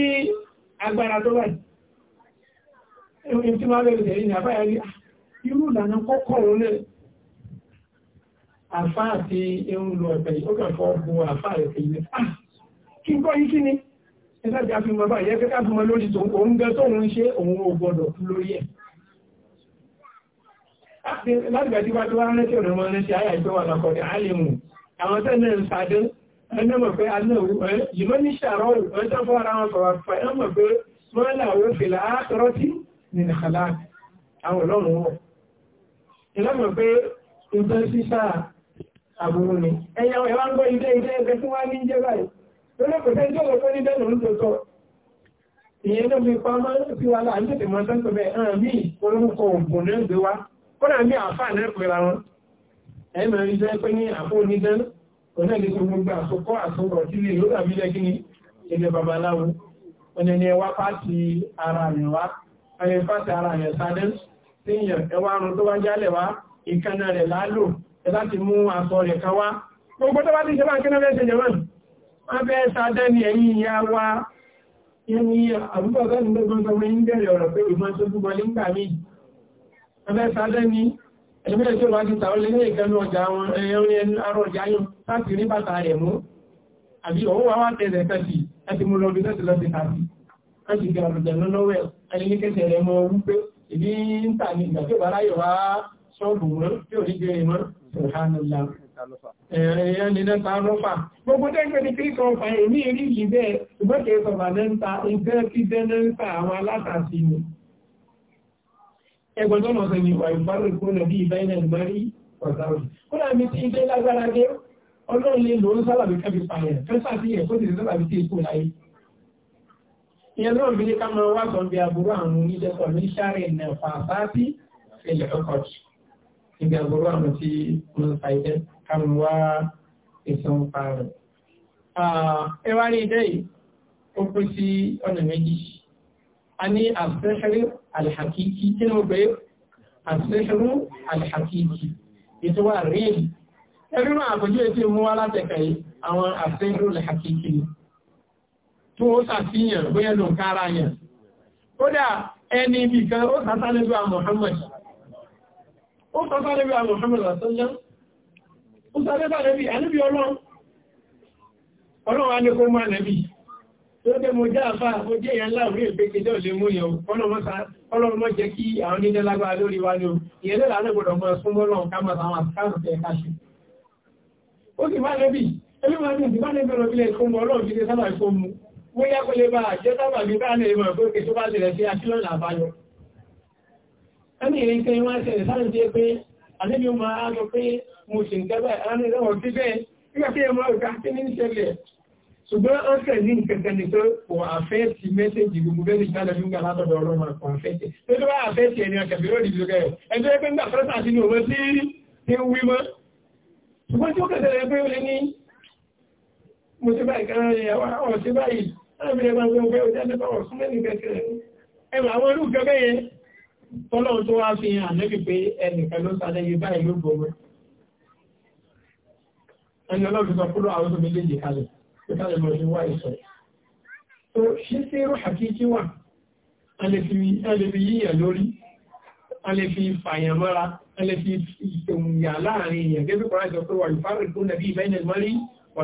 [SPEAKER 1] agbára tó wáyé irú ìlànà kọ́kọ́ olè àfá àti irun lọ ẹ̀fẹ̀ ó kẹfọ́ bu àfá ẹ̀fẹ̀ ilẹ̀ ah! kí n kọ́ yí kí ni ẹgbẹ́ ká fi mọ báyìí ẹgbẹ́ ká fi mọ lórí tó òun gẹ tó òun ṣe òun ò gbọdọ̀ kú lórí ẹ̀ ah! látìgbà tí wá tó wá rántí ọ̀nà wọn rántí ayà ìgbẹ́ wà lákọ̀ọ́dẹ̀ alẹ́mù àwọn tẹ́lẹ̀ ń sadé ẹnẹ́mọ̀ pé alẹ́wọ̀ ní ṣàrọ̀ ọjọ́ fọ́ra wọn sọ̀rọ̀ pẹ̀lú mọ̀ pé wọ́n àwọn ọlọ́run wọn ìlọ́mọ̀ pé ìjọ sísá àbúrú ni ẹ̀yà ẹ̀wà ń gbọ́ ilé ilé ẹgbẹ́ tí wọ́n ní jẹ́ báyìí lọ́lọ́pẹ̀ẹ́ tí ó lọ́pẹ́ ní dẹ́nu ń tòótọ́ ìyẹn ló fi pamọ́ sí wa láàrín tètè mọ́ tán pẹ̀lú ẹ̀hàn mí orúkọ ògùn náà gbé wa kọ́nà mí àáfàá náà pẹ̀lá wọn ẹ̀mọ̀ rí jẹ́ pé ní àpò onídán òun náà gbogbo àsokọ́ àsokọ̀ tí lè dàbí jẹ́ kí ni ilẹ̀ babaláwo ọ̀nà ni ẹwà pàtì ara rẹ̀ wá ayẹ pàtì ara rẹ̀ sádẹ́sì tíyàn ẹwà àrùn tó wá jálẹ̀ wá ìkànnà rẹ̀ lálò láti mú aṣọ rẹ̀ kan wá gbogbo tó bá ti ṣe bá kí náà ṣe jẹ̀mọ́ wọ́n fẹ́ sáadẹ́ ni ẹ̀yìn ìyá wa yẹni àbúkọ̀ ọ̀gọ́nù lógún tó ní gbà ni ó bá ti tàwọn lé ní ìkẹnu ọjà wọn ìdí ń tà ní ìgbà tí ó bá ráyè wá ṣọ́ọ̀bù mọ́ tí ò ní jẹ́ ìmọ́ ìhánilá ẹ̀rẹ̀ yẹn ni lẹ́ta rọ́pà gbogbo tẹ́gbẹ́ ní kíríkọ ọ̀fà èmi rí yìí bẹ́ẹ̀ ṣùgbọ́n kìí sọ̀rọ̀ lẹ́ńta ìfẹ́ kí dẹ́nẹ́ńtà àwọn alátàsí ni ẹgbọ́n tó lọ́sẹ̀ ni wà ìfárò ìkúnlẹ̀ bí ìbẹ́ẹ̀nẹ̀ ìmọ̀rí ọ̀sáwì kódà ìyẹn náà bí ká máa wá sọ bí aburú àwọn oníṣẹ́kọ̀ ní sáré nà fàfáàfí ilẹ̀ ọkọ̀tì ibi aburú àwọn tí wọ́n fa ilẹ̀ ká máa wá ìsan pa rẹ̀. ẹwà rí idẹ́ yìí ó pín sí ọ̀nà méjì a ní àṣẹ́ṣẹ́rẹ́ alhakiki kí ló gbé àṣẹ́ṣẹ́rẹ́ alhakiki ètò rí tó ó sàfihàn bóyẹ́ lọ kára yẹn kódà ẹni ibi kan ó sàtánẹ́bí wa Muhammad ó sàtánẹ́bí wa Muhammad àtọ́jọ́ ó sàtánẹ́bí àníbí ọlọ́run ọlọ́run á ní kó máa nẹ́bí Lọ́gbẹ́ mo jẹ́ àfá mo jẹ́ ìyàn láàrin ìgbékejẹ́ òlè mú yẹn ọlọ́run mọ́ jẹ́ kí àwọn nílẹ̀ lágbàá lórí wá ní o. Ìyẹn lẹ́la náà gbọ́dọ̀ mọ́ súnmọ́ lọ́run ká mọ̀ àwọn àfikáàrùn tẹ́ ká ṣe. Ó sì máa lẹ́bí, ẹlẹ́wọ̀n àti ìdíbánẹ́bẹ̀rẹ̀ ilẹ̀ ìkómọ ọlọ́run fi lè sábà ìkómú bóyá kò lè bá àjẹ́ sábà bí ká lè mọ̀ pé tó bá tẹ̀lẹ̀ sí àṣílọ́nà àbáyọ. ẹni ìrìn kan wọ́n tẹ̀lẹ̀ sáàrùn tí pé àníbi ma á lọ pé mo sì ń tẹ́bẹ̀ ẹ̀rọ tí bẹ́ẹ̀ nígbà tí ẹmọ ìka ni pé kò àfẹ́ ti mẹ́sẹ̀jì gbogbo bẹ́ẹ̀ ti gbálẹ̀ nígbà látọ̀dọ̀ ọ̀rọ̀ mà kò àfẹ́ ti tó tó bá àfẹ́ ti ẹni ọ̀kẹ̀ bíró ìdìbò kẹ̀ ẹjọ́ pé nígbà fẹ́ta ti ní òwe ti ń wí mọ́ ṣùgbọ́n tí báyìí Tọ́lọ́run tó wá fi hàn lẹ́bí pé ẹnìkan ló sáré yìí báyìí ló gbogbo. Ẹni ọlọ́run sọ fúrò àwọn tó méjèèjì kalẹ̀, tó kalẹ̀ mọ̀ sí wá ìsọ̀. Tó ṣí sí irú àkíkí wà, a lè fi yíyàn lórí, a lè fi fàyàn mọ́ra, a lè fi ìṣòmìyà láàrin èèyàn gẹ́gẹ́ bí kọ́ra ìsọ̀ pé wà ìfárẹ̀kú nàbí ìbẹ́ni mọ́rí wà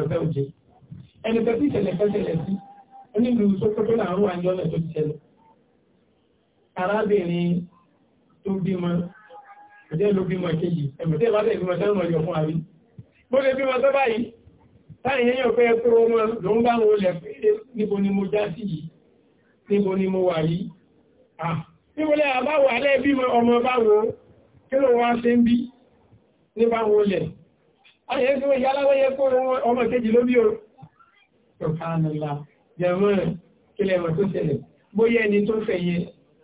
[SPEAKER 1] onílùú sókótó làárọ̀ àjọ́nà tó ṣẹlẹ̀ arábìnrin tó bímọ ẹ̀jẹ́ ló bímọ kejì ẹ̀mọ̀tẹ́ ìbátẹ̀ ìbímọ sẹ́rùn ọjọ́ fún àrí bó lè bímọ tó báyìí táyìn yẹn yóò fẹ́ kúrò wọn lòún bá wọn lẹ̀ pé níbo ni mo já sí yìí níbo ni mo wà yìí níbo lẹ́ àbáwọ̀ alẹ́ bímọ ọmọ báwo kí ló wá ṣe ń bí ní báwo lẹ̀ ayẹ́ tí yẹ kúrò ọmọ kejì ló bí o jẹ̀mọ́ kílẹ̀ mọ̀ tó ṣẹlẹ̀ bóyá ẹni tó fẹ̀yẹ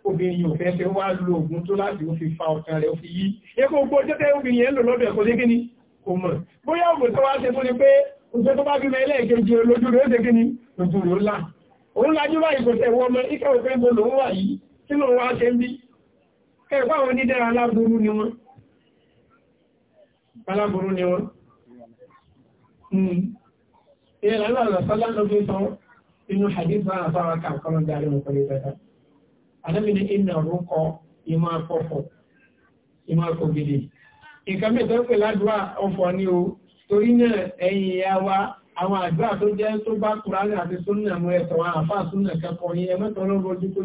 [SPEAKER 1] obìnrin yóò fẹ́ wá lo oògùn tó láti ó fi fa ọ̀kan rẹ̀ fi yí ekó gbó jẹ́tẹ́ obìnrin yẹn lò lọ́dọ̀ ẹ̀kọ́ lé kíní kò mọ̀ bóyá oògùn tó wá ṣe tó ní pé oṣù tó bá bí mẹ́lẹ̀ kejì lójú rẹ̀ ṣe kíní lójú rẹ̀ ó òun lajú báyìí kò tẹ̀wọ́ ọmọ ikẹ́ òfin mo lòun wà yìí kí lòun wá ṣe ń bí ẹ̀kọ́ àwọn onídẹ́ra aláburú ni wọ́n aláburú ni wọ́n hmm inú hadith wọn àfáwà kà kọ́nà dárí wọn pẹ̀lú dáadáa anábì ní ìnà rúkọ ìmọ̀ àkọ́fọ̀ ìmọ̀ àkọ́gidi nǹkan mẹ́ta ń pè ládùúgbà ọ̀fọ̀ ni o torí náà ẹ̀yìn ìyá wa àwọn àdúrà tó jẹ́ tó bá kùránì àti súnà mú ẹ̀tọ̀ wọn àfá súnà kẹ́kọ̀ọ́ yìí ẹmẹ́tọ̀ lọ́rọ̀ ojúkó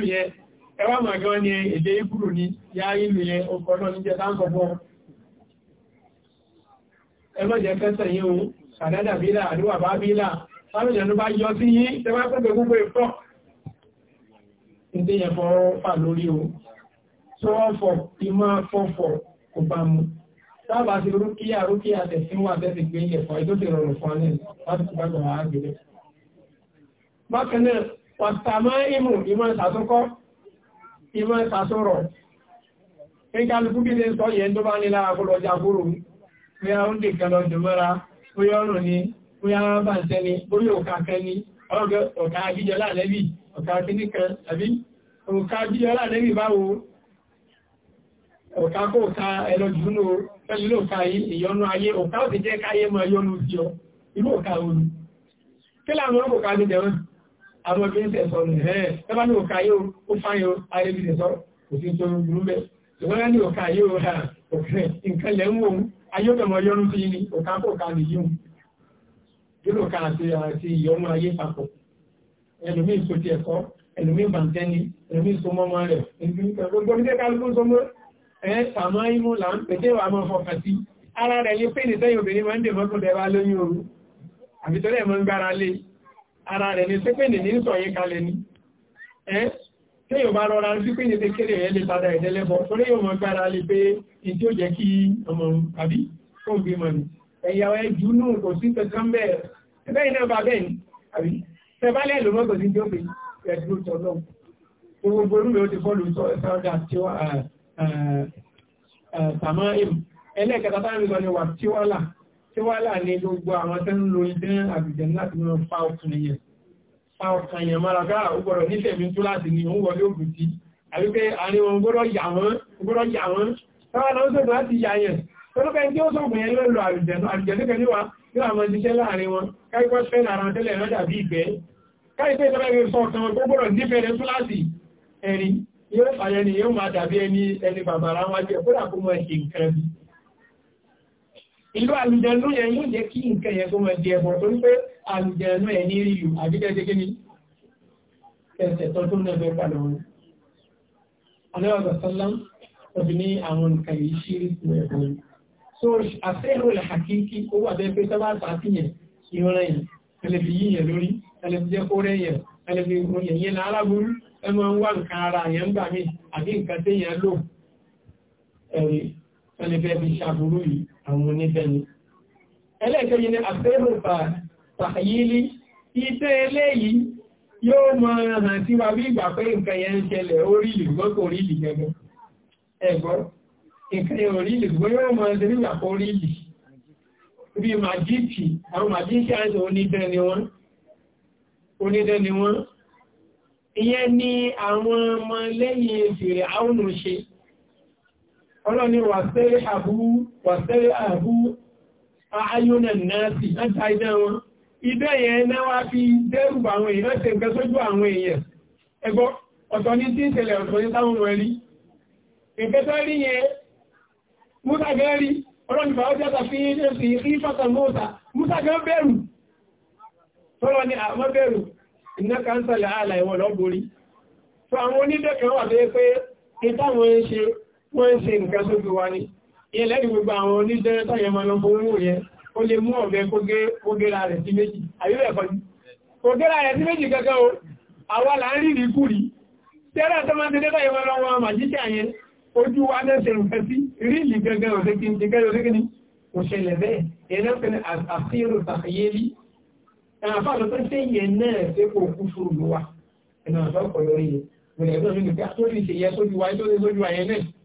[SPEAKER 1] ní ẹwà màgán ni èdè ìbúrù ní yá ìlú yẹ ọkọ̀ náà níjẹ táǹkọ̀ bọ́ ẹmọ́jẹ kẹsẹ̀ yíò kàdádà bílà àdúwà bá bílà sáàrùjẹ̀nú bá yọ sí yí tẹwà pẹ́gbẹ̀ gbogbo ìpọ̀ ìdíyẹ fọ́ fà lórí o sọ́ọ̀fọ̀ ìmọ̀ fọ́fọ̀ kò bá mú sáàbà sí rúkíyà rúkíyà tẹ̀síwà tẹ́sì gbé ilẹ̀ fọ́ ìdó tẹ̀rọrùn ìmọ̀ ìsàsọ́rọ̀ kíkàlùkú bí lè sọ yẹn tó bá ní láàkọlọ jagoro bí a ń dìkan lọ jùmọ́ra bóyá ọ̀rùn ni bóyá bá ń sẹ́ni bóyá òkà kẹni ọ̀gá abíjọlá lẹ́bí ọ̀gá kíníkan àbí òkà abíjọlá lẹ́bí báwo ọ̀ká kó ká ẹlọ́jùúnú pẹ̀lú òká ìyọnú ayé òká ò ti jẹ́ káyé mọ́ yọnú sí ọ inú àwọn ọdún ìṣẹ̀ sọ̀rọ̀ ẹ̀ ẹbá ní òkà yóò ó fáyọ ayébìdẹ̀ sọ̀rọ̀ kò sí tó rúrú mẹ́ ṣùgbọ́n ní òkà yóò ha òkè nǹkan lẹ́ ń wò ó ayébẹ̀mọ̀ yọrùn sí ni òkà kò ká lè yíwù yóò ká àti àti ìyọnu ayé papọ̀ ẹlòmíì tó ti ẹ̀kọ́ ẹlòmíì bàǹtẹ́ni ẹlòmíì tó mọ́mọ́ rẹ̀ gbogbo ní kálukú sọmọ ẹ̀ tàmá imú là ń pẹ̀tẹ́ wà mọ́ fọkà sí ara rẹ̀ ní pé nìtẹ́yìn obìnrin ara rẹ̀ ní sípìnì ní sọ̀yí kalẹ̀ ní ẹ́ tí yóò bá rọra sípìnì tí kéré rẹ̀ lè padà ìdẹ́lẹ́bọ̀ torí yóò mọ̀ gbára lè pé in tí ó jẹ́ kí ọmọ àbí fún bí mọ̀ ní ẹ̀yà ẹjú náà kò sí pẹ̀kan bẹ́ẹ̀ ẹgbẹ́ iná bá bẹ́ẹ̀ ni àbí tẹ́bálẹ̀ ló mọ́ kò sí tí wá láàrin gbogbo àwọn tẹ́ ń lo ìdẹ́ àbìjẹ̀ láti mọ́ fa ọkùnrin yẹn fa ọkàn yẹn mara gáà ó gbọ́dọ̀ nífẹ̀ẹ́ mi tó láti ní òun wọlé ògùn tí àríkẹ́ àárín wọn gbọ́dọ̀ yà wọ́n gbọ́dọ̀ yà wọ́n tọ́wọ́ náà ó sọ̀rọ̀ láti yà yẹn tọ́lọ́kẹ́ tí ó sọ̀rọ̀ yẹn lọ́lọ́ àbìjẹ̀ àbìjẹ̀ tó kẹ́lẹ́wà yóò àmọ́ ṣiṣẹ́ láàrin wọn káyíkọ́ sẹ́n ara tẹ́lẹ̀ rẹ́ dàbí ìgbẹ́ káyíkọ́ ìtọ́lá yẹn sọ ọ̀kan wọn gbọ́dọ̀ nífẹ̀ẹ́ rẹ̀ tó láti ẹ̀rí yóò fàyẹni yóò máa dàbí ẹni ẹni bàbá ara wọn jẹ́ kó dà ìlú àlùjẹ̀nú yẹn yóò jẹ́ kí nǹkan yẹn tó mọ̀ di ẹbọ torí pé àlùjẹ̀nú ẹ̀ ní rí ìlú àbíkẹ́jẹ́ kí ni kẹsẹ̀ tó tó nẹ́fẹ́ padà wọn. aláwọ̀ sọ́lá ọdún ní àwọn nǹkan yìí ṣí ìlú ẹ̀bọ yìí. so àfẹ́rò rẹ̀ àkíkí owó àbẹ́ pé sábà sàfihàn ìrọ̀rẹ̀ yẹn ẹlẹ́fi yíyàn lórí ẹlẹ́fi jẹ́ kó àwọn oníbẹ̀ni ẹlẹ́ẹ̀kẹ́yìn ni àfẹ́rùfà tàyílí iṣẹ́ eléyìí yóò mọ̀ ọ̀nà tí wà bí ìgbà pé nǹkan yẹn ń ṣẹlẹ̀ orí ìlúgbọ́ kò rí ìlú gẹ́gẹ́ ẹ̀gbọ́ nǹkan yẹn orí ìlúgbọ́ yóò mọ̀ ọ̀nà tí wà kò rí ìlú bí màjíìkì àwọn màjíìkì àìsàn onídẹ́ni wọn onídẹ́ni wọn ìyẹn ni àwọn ọmọ lẹ́yìn fèrè àwọn òṣèlú ọlọ́ni wàṣẹ́ àbú wàṣẹ́ àbú ayúnẹ̀ náà sí ẹta idẹ́ wọn idẹ́ yẹn náà wá fi dẹ́rù àwọn èèyàn ṣe nǹkan sójú àwọn èèyàn ẹgbọ́ ọ̀tọ̀ ní tí ìṣẹ̀lẹ̀ ọ̀tọ̀ ní táwọn wọn rí ìfẹ́tọ́ rí yẹn mútàgẹ́ rí ọlọ́ni bàá jẹ́ta fi ṣe sí ìfàtà mọ́ta mútàgẹ́ bẹ̀rù tọ́lọ́ ni wọ́n ń ṣe nǹkan tó fi wá ní ilẹ̀ gbogbo àwọn oníṣẹ́rẹ́ tọ́yẹ ma lọ fún oòrùn yẹn ó lè mú ọ̀bẹ kógéra rẹ̀ sí méjì àyíwẹ̀ ẹ̀kọ́ ní rẹ̀ sí méjì gẹ́gẹ́ o àwa là ń rí rí kúrì tẹ́rà tó máa ti dé tọ́yẹ ma lọ wọn màjíṣẹ́ yẹn ojú wa ní ṣe nǹkan sí rí lì gẹ́gẹ́ òṣèkín ti gẹ́gẹ́ òṣèkín kò ṣẹlẹ̀ bẹ́ẹ̀ yẹn náà fẹ́ni àfihàn tàyẹ́lì àfáàlọ́ tó ṣe yẹn náà ṣe kò kú fúrù lọ́wà ẹ̀nà àfẹ́ ọ̀pọ̀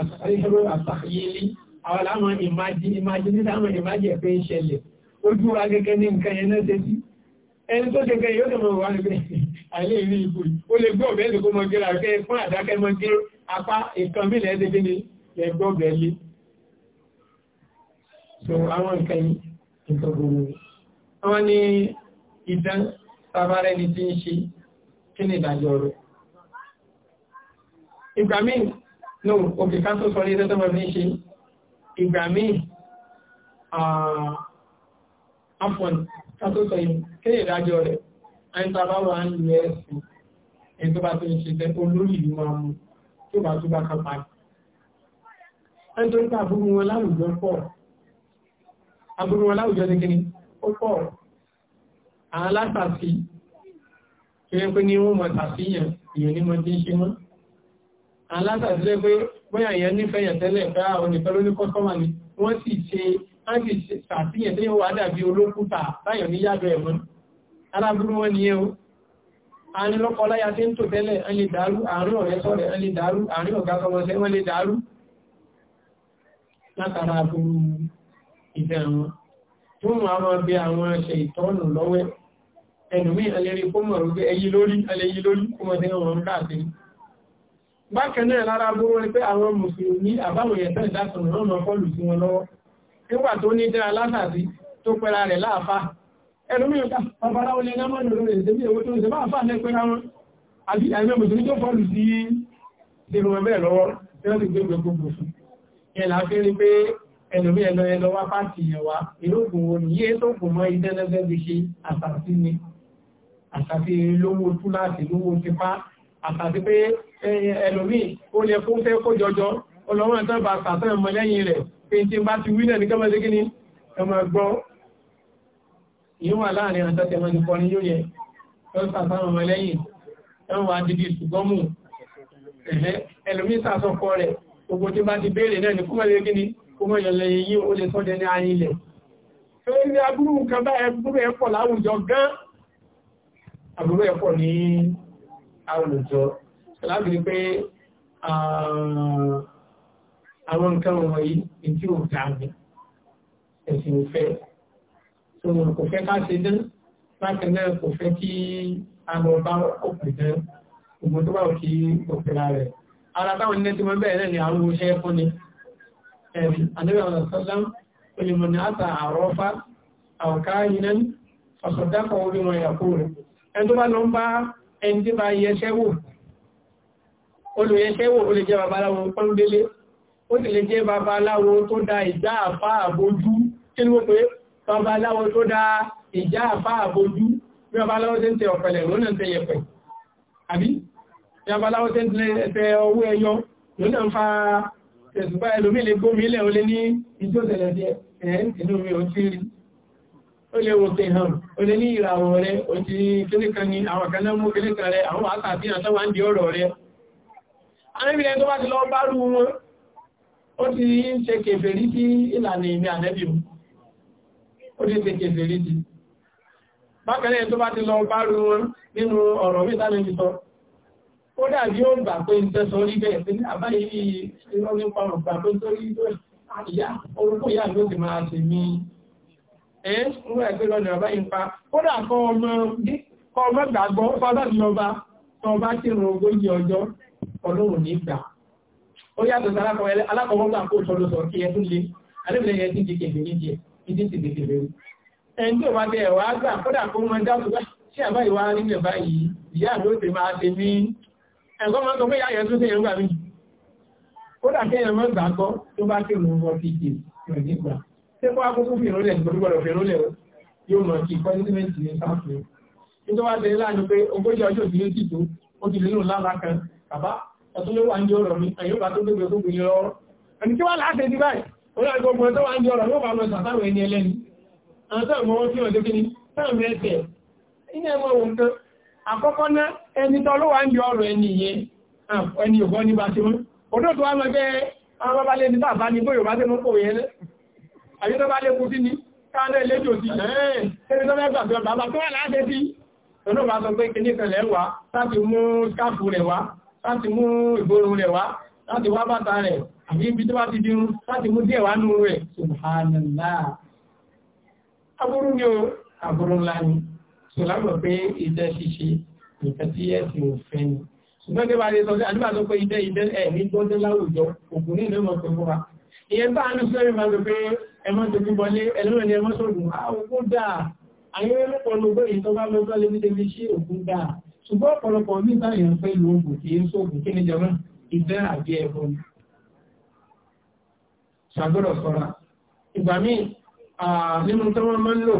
[SPEAKER 1] àṣàríṣẹ́rọ àtàyélé àwọn láwọn ìmájí ìmájí ní láwọn ìmájí ẹ̀fẹ́ ń ṣẹlẹ̀ ojú wa gẹ́gẹ́ ní nǹkan yẹn náà ṣe sí ẹni tó ṣe gẹ́gẹ́ yóò tẹ̀mọ̀ wà níbẹ̀ àìlè rí ipò ó lè gbọ́ so àwọn nǹkan yìí nǹkan gbogbo wọn ni ìdán tabarẹ́ni tí ń ṣe kí ni ìdájọ́ rẹ̀ ìgbà no òkè ká tó sọrí ẹ̀tọ́ bá ní ṣe ìgbà míì afọ̀n ká tó sọ yìí kéè ìdájọ́ rẹ̀ àìntàbáwà ń lè ẹ̀sìn ẹ̀ tó bá tó ń ṣe tẹ́ olórí ìlú máa mú tó bá tó bá kápá ẹ̀ntọ́ nípa àbúrú wọn láwùjọ pọ̀ àbúrú wọn láwùjọ ó pọ̀ àwọn alásàfí kí wọ́n wọ́n mọ̀ tàfihàn ìyẹn ní mọ̀ tí ń ṣe mọ́ alásàtílẹ́ pé bóyá ìyẹn nífẹ̀ẹ́ yẹn tẹ́lẹ̀ pé àwọn ah, ló ní kọ́sọ́mà ni wọ́n sì ṣe láti ṣàfihàn tí yóò wà dàbí olókùtà báyọ̀ ní yàdọ̀ ẹ̀mọ́ aláburú wọn nìyẹn o àní lọ́kọ́ láyà tí ń tò tẹ́lẹ̀ ẹn lè dàrú àárín ọ̀rẹ́ sọ́rẹ̀ ẹn lè dàrú àárín ọ̀gá sọmọṣẹ́ wọ́n lè dàrú látara aburú ìfẹ́ wọn tó mọ̀ àwọn bákanáà lára búrú ní pé àwọn mùsùlùmí àbáwọn ẹ̀tọ́ ìdásọ̀nà lọ́nà fọ́lù sí wọn lọ́wọ́ nígbà tó ní jẹ́ alásàdí tó pẹ́ra rẹ̀ láàfá ẹlùmí ọ̀tá babaláwo ní ẹgbẹ́ mọ́nà lórí ẹ̀sẹ̀ bí owó tó ń ṣe máa fà ní pẹ́ra wọn àbí àìmẹ́ mùsùlùmí tó fọ́lù sí ìrù wọn bẹ́ẹ̀ lọ́wọ́ tí wọ́n ti gbé gbogbo gbòfù yẹn là fi rí pé ẹlùmí ẹlọ ẹlọ wá pàtì yẹn wá ìlóògùn wo ni yé tó kù mọ́ iṣẹ́ lẹ́gbẹ́ fi ṣe àṣàfi ni àṣàfi lówó tú láti lówó ti pa àtàbí pé ẹlòmí ó lè fún fẹ́ kó jọjọ ọlọ́wọ́n ẹ̀tọ́ bá sàtọ́ ẹ̀mọ lẹ́yìn rẹ̀ pé tí bá ti wílẹ̀ ní kọ́mọ̀ síkí ní ọmọ ẹgbọ́ yíó wà láàrin àtàtẹ̀mọ̀ ní kọ́ ní yóò yẹ tó sàtọ́ ọmọ lẹ́yìn ẹwọ́n wà dìdì ṣùgbọ́mù ẹlòmí sàtọ́kọ rẹ̀ gbogbo tí bá ti béèrè náà ní kọ́mọ̀ síkí ní ẹ̀pọ̀ láwùjọ gan aburú ẹ̀pọ̀ ní àwùjọ láti rí pé àwọn nǹkan wọ̀nyí tí ò dáàbì ẹ̀sìn ìfẹ́ tó kò fẹ́ ká ṣe dán bákan náà kò fẹ́ kí a lọ bá òpè dán ògbò tó bá kí òpèrà rẹ̀ ara táwọn ilé tí wọ́n bẹ̀rẹ̀ náà ni àwọn oṣẹ́ fún ni ẹ̀rì àdébẹ̀ ọ̀nà sọ́lá olùmọ̀nà àtà àrọ́fà àwọ̀ká yìí náà ọ̀sọ̀dáfà orí wọn yà kúrò ẹni tó bá lọ ń bá ẹni tí bá yẹṣẹ́ wò olùyẹṣẹ́ wò ó lè jẹ́ babaláwo pọ́lúdélé ó sì lè jẹ́ babaláwo tó dá ìjà àfá àbójú kí ni mo pé babaláwo tó dá ìjà àfá àbójú bí babaláwo tẹ́ ń tẹ ọ̀pẹ̀lẹ̀ lónà tẹ́ ń ó lè wo sí hàn ó lè ní ìràwọ̀ rẹ̀ ó ti kíníkan ní àwọn kan náà mú kíníkan rẹ̀ àwọn àtàbí àtàwà ń di ọ̀rọ̀ rẹ̀ anẹ́bìnrin tó bá ti lọ bá rú wọn ó ti ń ṣe kèfèrí sí ìlànà ìmẹ́ ànẹ́bì ó ti ṣe kèfèrí sí bákanẹ́ tó bá ti lọ bá rú wọn nínú ọ̀rọ̀ mítánẹ́bì sọ ó dàbí ó gbà pé ń tẹ́sọ rí bẹ́ẹ̀ àbáyé ìrọ́ nípa ọ̀gbà pé ìyá orúkú ìyá ló ti máa ṣe mí ẹ̀ ń ẹgbẹ́ lọ́nà ọba ìpa kódà kọ ọmọ kọ ọmọ gbàgbọ́ fọ́bá lọ́ba tọba tí rọ ogójì ọjọ́ ọlọ́run ní gbà ó yàtọ̀ sí alákọ̀ọ́kọ́ gbà kó tọ́lọ́ sọ kí ẹ tún le alẹ́bìnrin yẹn ti di kèbè níjẹ ìdí ti di kèbè rú ẹni tí ò bá tẹ ẹ̀wà gbà kódà kó mọ dáàbò bá ṣé àbá ìwà nílẹ̀ báyìí ìyá àti ó ti máa ṣe ní ẹ̀kọ́ máa ń sọ pé ìyá yẹn tún ṣe yẹn gbà mí kódà kẹ́yìn mọ́ gbàgbọ́ tó bá kí òun wọ́n fi jì ṣé kó akókó fi ìrọ̀lẹ́ gbọ́dọ̀ fi ìrọ̀lẹ́ yóò mọ̀ kí pẹ́símẹ́ǹtì ní sáàpù nítorí wá tẹ̀lé láàánú pé ogójì ọjọ́ ìdílé ti tó ó ti lélo lára kan bàbá ọtún ló wà ń jọ ọ̀rọ̀ mi ẹ̀yọ́ bá tó gbégbé tó gbìyànjú lọ́wọ́ ẹni kí wá láti ti báyìí ó láti gbogbo tó wà ń jọ ọ̀rọ̀ ló bá mọ sàtàwọ̀ ẹni ẹlẹ́ni àwọn tó mọ́ sí ọdún kíní sáàmì ẹsẹ̀ iná ẹmọ òun kan àkọ́kọ́ ná ẹni tó ló wà ń jọ ọ̀rọ̀ ẹni yẹn ẹni ògbọ́n ní bá ti mú odó tó wá pé àwọn bá lé ní bàbá ní bóyọ̀ bá ti mú kò yẹn àyè tó bá lé kú sí ni káàdé léjò sí ẹ̀ẹ́ tẹ́lẹ̀ tó mẹ́gbà tó bàbá tó wà láti sí ọ̀nà bá sọ pé kìíní kan lẹ́wà láti mú skáàfù rẹ̀ wá láti mú ìborun rẹ̀ wá láti wá bàtà rẹ̀ àbí ibi tó bá ti dirun láti mú díẹ̀ wá nú rẹ̀ subhanallah aburú ni o aburú ńlá ni sọlámọ̀ pé iṣẹ́ ṣíṣe nǹkan tí ẹ ti fẹ́ ni ṣùgbọ́n tí wàá lè sọ sí àdúrà tó pé iṣẹ́ iṣẹ́ ẹ̀ ní gbọ́dẹ́ láwùjọ òkú ní ìyẹn bá ní sọ́rí máa lò pé ẹmọ́ ah, tó gúbọ ní ẹlọ́rẹ̀ ní ẹmọ́ sọ́gùn àwòkú dáa ayẹ́rẹ́ lọ́pọ̀ lógbé ìtọ́bá lọ́gbọ́ lè nílé ní sí òkú dáa ṣùgbọ́n ọ̀pọ̀lọpọ̀ mí báyàn fẹ́ lo oògùn kì í sóògùn kí ni jọmọ́ ìfẹ́ àbí ẹ̀fọn ṣàgbọ́dọ̀ sọ́ra ìgbà míì nínú tí wọ́n máa ń lò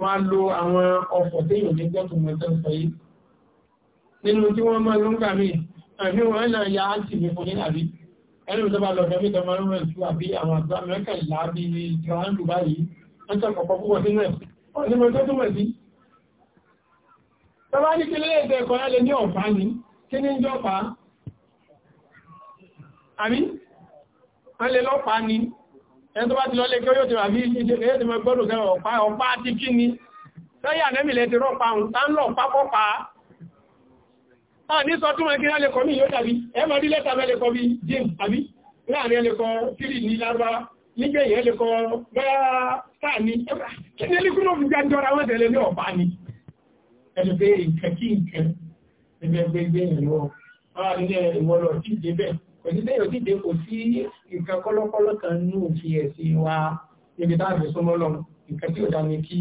[SPEAKER 1] wọ́n á lo àwọn ọkọ̀ téèyàn ní gbọ́tù mọ́tò sọ yìí nínú tí wọ́n máa lò ń gbà míì àbí wọ́n náà ya á sì ní fún ní àbí ẹni tó bá lọ fẹ́ mítọ máa rúnrẹ̀ sí àbí àwọn àgbà mẹ́kà láàbí ìtìrànlù báyìí ń tẹ́kọ̀ọ́ púpọ̀ sínú ẹ̀ ọ̀nìmọ̀ tó túnmọ̀ sí tọ́bá ní kí lé ẹ̀dẹ̀ ẹ̀kọ́ yá lè ní ọ̀fà ní kí ní jọpa àbí wọ́n lè lọ́pàá ní ẹni tó bá ti lọ́lé kí a ní sọ túnmọ̀ kí wọ́n lè kọ ní yóò tàbí ẹ mọ̀ rí lẹ́ta mẹ́lẹ̀ kọ bí james àbí láàrin ẹ lè kọ kiri ní lágbára nígbẹ̀yìn ẹ lè kọ bẹ́ẹ̀ sáà ní kí ni elékún ló fi já jọra wọ́n tẹ̀lé ní ọ̀bá ni ẹgbẹ́ nǹkan kí nǹkan ẹgbẹ́ gbẹgbẹ́ ìwọ ààrẹ ìwọ lọ sí débẹ̀ kò sí bẹ́ẹ̀ òtí dé kò sí nǹkan kọ́lọ́kọ́lọ́ kan ní òfin ẹ̀sìn wa níbi táàbí súnmọ́ lọ nǹkan tí ò dá ní kí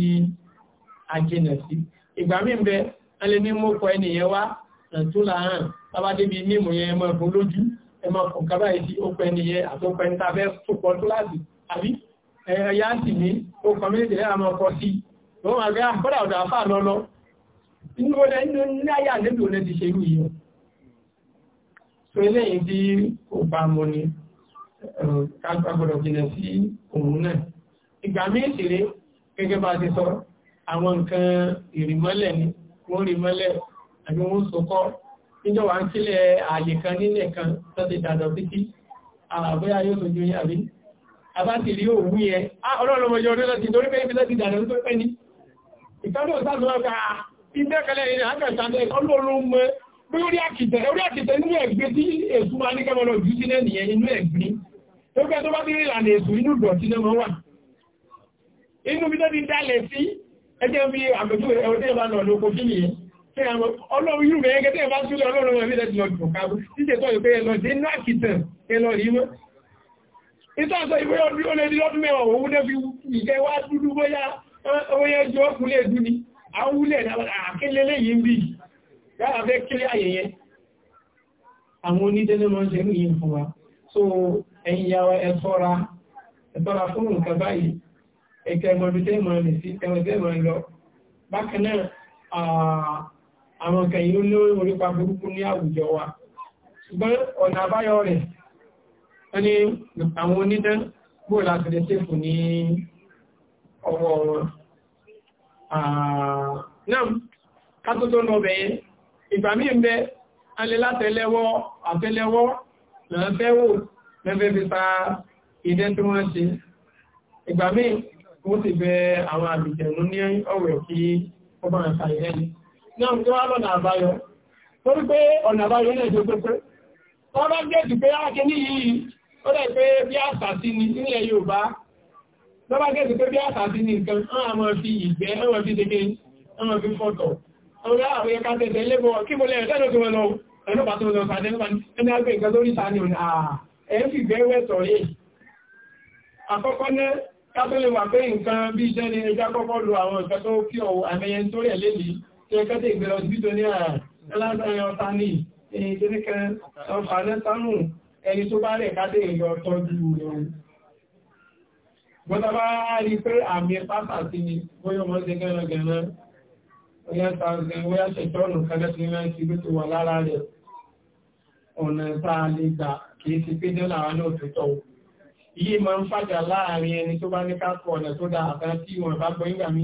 [SPEAKER 1] a jìnà sí ìgbà míì bẹ alẹ́ ní mọ́kọ ẹnìyẹn wá ẹ̀tún láàrín bàbá débi mímú yẹn ẹmọ ẹ̀kún lójú ẹmọ ọ̀gábà ìdí ópẹ́ niyẹ àtọ́pẹ́ ń tafẹ́ fòpọ̀ tó láti àbí ẹ̀yà sì ní o kọ méjì lẹ́yà mọ́ ọkọ̀ sí wọ́n máa gbé àkọ́dà ah, ọ̀dà àfà lọ́lọ́ inú ọ̀dẹ́ inú ní àyà lẹ́bí olè ti ṣe irú yìí so eléyìí tí kò bá mọ́ ni kágbàgbọ́dọ̀ jìnà sí òun náà ìgbà mí ìṣeré gẹ́gẹ́ bá ti sọ àwọn nǹkan ìrìmọ́lẹ̀ ni wọ́n rìmọ́lẹ̀ àbí wọ́n sọkọ́ níjọba ń kílẹ̀ ààyè kan nílẹ̀ kan tó ti dàdọ̀ títí àbúyá yóò lójú yín àbí àbáti rí òwú yẹn ọlọ́lọ́mọjọ orí láti torí pé ibi láti dàdọ̀ tó pẹ́ ní ìkádọ̀ sáàtùwọ́gbà ìdẹ́kẹ̀lẹ̀ ìrìn àkàtàndẹ̀ ọlọ́lọ́mọ bí orí àkìtẹ̀ orí àkìtẹ̀ nínú ẹ̀gbẹ́ tí èsù wa ní kẹmọ́lọ̀ jù sílẹ̀ nìyẹn inú ẹ̀gbẹ́ tó gbẹ́ tó bá ti rìnlànà èsù inú dọ̀tí náà wà inú bí tó ti dálẹ̀ sí ẹjẹ́ bí àgbẹ̀tú ẹ̀wọ̀n tí ẹ Ọlọ́run yìí rẹ̀ ẹgẹ́ tẹ́ bá súnlẹ̀ ọlọ́run rẹ̀ nílẹ̀ lọ́dún kàbú, títẹ̀ tọ́ ìpé ẹlọ dé náà kìtàn ẹlọ yìí mọ́. Ìtàṣọ ìwé ọdún mẹ́wàá òun náà fi dúdú bóyá ọyẹ́ jọ ọkùnlẹ̀ So, ẹ̀yin yàwó ẹ ṣọ́ra, ẹ ṣọ́ra fún nǹkan àwọn kẹ̀yìn ló lórí orípa burúkú ní àwùjọ wa ṣùgbọ́n ọ̀nà àbáyọ rẹ̀ ẹni àwọn onídán bó láti lè ṣèfù ní ọwọ́ wọn náà kátó tó lọ bẹ̀yẹ ìgbà míì ń bẹ alẹ́ látẹ́lẹ́wọ́ àtẹ́lẹ́wọ́ lẹ́fẹ́wò lẹ́fẹ́ fi pa ìdẹ́ tí ìrẹ́ni náà tó wá lọ́nà àbáyọ torí pé ọ̀nà àbáyọ náà tó gbogbo wọ́n bá gẹ́ẹ̀dì pé ákẹ́ ah, ní yìí ó lẹ́ pé bí àsàsí ni nílẹ̀ Yorùbá lọ́ bá gẹ́ẹ̀dì pé bí àsàsí ni nǹkan ọmọ fi ìgbẹ́ ọmọ fi dege ọmọ fi fọ́tọ̀ ọmọ àwọn ẹ̀ka tẹ̀tẹ̀ lébọ̀ kí mo lẹ́rẹ̀ tẹ́lẹ̀ tó wọ́n lọ ẹ̀lú pàtó lọ sàdẹ́ ẹni àgbẹ̀ nǹkan lórí ta ni ẹ̀ ń fi gbẹ́wẹ́ tọ̀ yìí àkọ́kọ́ náà kátólẹ̀ wà pé nǹkan bí iṣẹ́ ni ẹjá kọ́kọ́ lo àwọn ìfẹ́ tó kí ọ̀wọ̀ àmẹyẹ tó rẹ̀ lélìí tí ó kẹ́tẹ̀ ìgbẹ̀rẹ̀ òsìbítò ní àárín ọ̀tá ní ìkẹ́kẹ́ ọ̀fàánẹ́tánù ẹni tó bá rẹ̀ kádé ìyọ̀ tọ́jú ẹ̀rùn bọ́ta bá rí pé àmì pàtàkì ni bóyọ́ mọ́ sí gẹ́rẹ́gẹ́rẹ́ Iye máa ń fàjà láàrin ẹni tó bá ní ká kọ̀ ọ̀nà tó dáa àtàkì ìwọ̀n bá gbọ́ ìgbà mi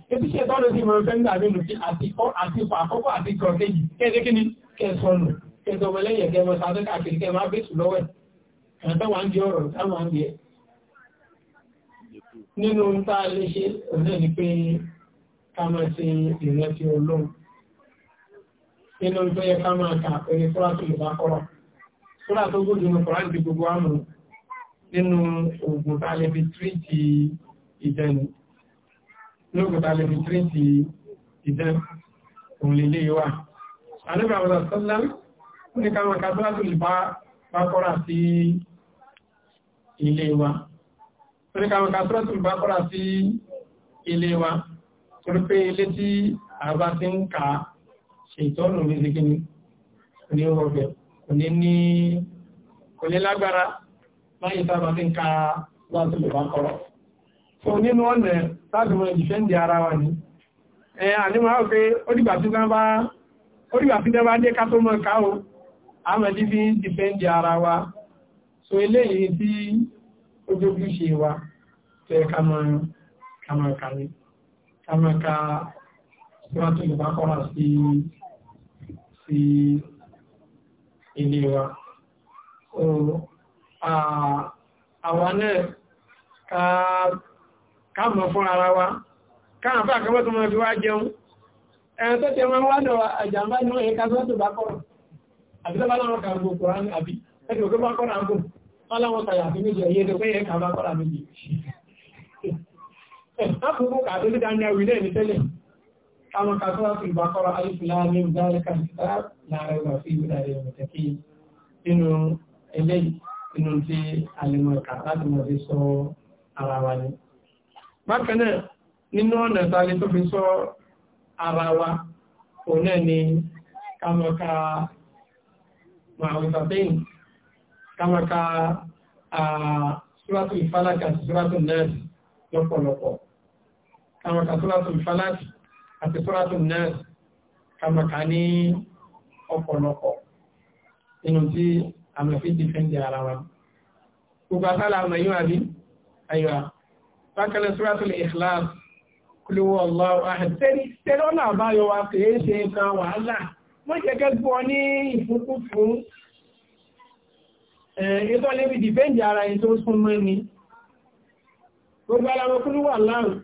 [SPEAKER 1] ebi ṣe tọ́lọ sí mọ̀ fẹ́ nígbà nínú kí àti àkọ́kọ́ àti kọ̀ọ̀kẹ́jì kẹ́ẹ̀kẹ́ kí ni kẹsọ̀nù kẹsọ̀mọ̀lẹ́yẹ̀ kẹmọ̀ sàtọ́kà kìí kẹ máa bẹ́sù lọ́wẹ́ ẹ̀tọ́wà ń di ọ̀rọ̀ táwọn ń yẹ nínú tá ni pé ká máa ṣe ìrántí Ọlọ́run nínú tó yẹ ká máa kà pé fúra tó lè bá kọ́rọ̀ fúra tó gbójú ní kọ́rọ̀ àti gbogbo lókùtà lè fi tírìtì ìdẹ́ òlèlé e wà àníbà àwọn ọ̀sánlá ní káwọn kàtàlátù lè bá kọ́ra sí ilé wa ní káwọn kàtàlátù lè bá kọ́ra sí ilé wa torí pé ilé tí àbá ti ń ka ṣètọ́nù ní síkíní ní ọ̀fẹ́ kò ní ní kò ní lágbára láyé sábà ti ń ka látù lè bá kọ́ra so nínú ọ̀nà láti mọ̀ ìfẹ́ǹdì ara wa ní ẹ àníwá pé ó dìgbà tí wọ́n bá dé ká tó mọ̀ ká o fi ń ara wa so eléyìí tí ó jógún ṣe wa tẹ kàmọ̀kàrí kàmọ̀kà síwájú ìbá kọ́ra sí ilé wa àwọn náà ká káàmọ̀ fún ara wa káàmọ̀ fún àkọ́mọ́ tó mọ́ fi wá jẹun ẹ̀rọ tó tẹ wọn wádọ̀ àjàmbá ní wọ́n ẹ̀ka tó bá kọ́rọ̀ àbí tó bá láwọn kan gbò kòrán àbí ẹ̀kẹ́ òkú bá kọ́rọ̀ àgbò wọ́n láwọn kàyà àti méjì ẹ̀yẹ́ tó pé ẹ̀ka bá kọ́rọ̀ méjì lákòókò kàtó ní dáná wí náà ní tẹ́lẹ̀ káàmọ̀ kàtó láti ìbá kọ́rọ̀ alifilani dáríkà láàrẹ̀ wà sí ìwé dáríkà mọ̀tẹ́kì nínú eléyìí nínú tí alẹ́mọ̀ọ́kà láti mọ̀ sí sọ ara wa ni bákanáà nínú ọ̀nà ìtàlẹ̀ tó fi sọ ara wa òun náà ni kàmọ̀ká ma'awisatain kàmọ̀ká suratu ìfàlákì àti suratu nẹ́ẹ̀sì lọ́pọ̀lọpọ̀ kàmọ̀ká suratu ìfàlákì àti suratu nẹ́ẹ̀sì kàmọ̀ká ní ọ̀pọ̀lọpọ̀ inú tí àmọ̀fí ti fẹ́ bákẹ́lẹ̀ suratul ikhlas kúlúwọ́ ọlọ́wọ́ àtẹ́rí tẹ́lọ́nà àbáyọ wa kìí ṣe nǹkan wàhálà wọ́n jẹ́gẹ́ gbọ́ ní ìfúnkú fún ẹ̀ẹ́dọ́ lébi dìbẹ́ǹdì ara ẹni tó sún mọ́ ni gbogbo ara wọn kúlúwọ́ aláàrùn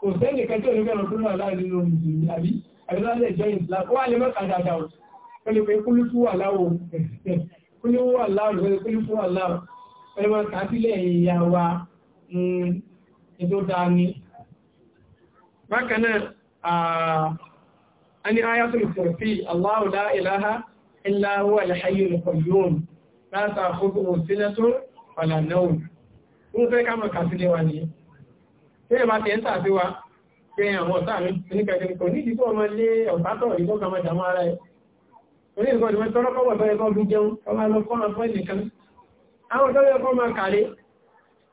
[SPEAKER 1] kò sẹ́ni kẹjọ́ ní bẹ̀rẹ̀ kúlúwọ́ aláàrùn nínú ìjìnlẹ̀ àbí àbílálẹ̀ ìjọ ìsìláà wà lè mọ́ta dáadáa wọ́n lè pe kúlúwọ́ aláàrùn kúlúwọ́ aláàrùn kúlúwọ́ aláàrùn tó dáa ní bákanáà a ní ayatul kursi Allahu la ilaha illa huwa al-hayyul qayyum la ta'khudhuhu sinatun wa la nawm ń fẹ́ ká mọ̀ kàtílé wa ní tí ẹ bá ti ń tàbí wa pé àwọn ọ̀tá mi ní kẹkẹrẹkọ ní ìdíkọ́ ọmọ ilé ọ̀pátọ̀ ìgbọ́gbà máa jàmọ́ ara ẹ̀ orí ìgbọ́dùmọ́ tọ́rọ́kọ́wọ̀ tọ́rẹ́kọ́ bí jẹun ọmọ alọ́kọ́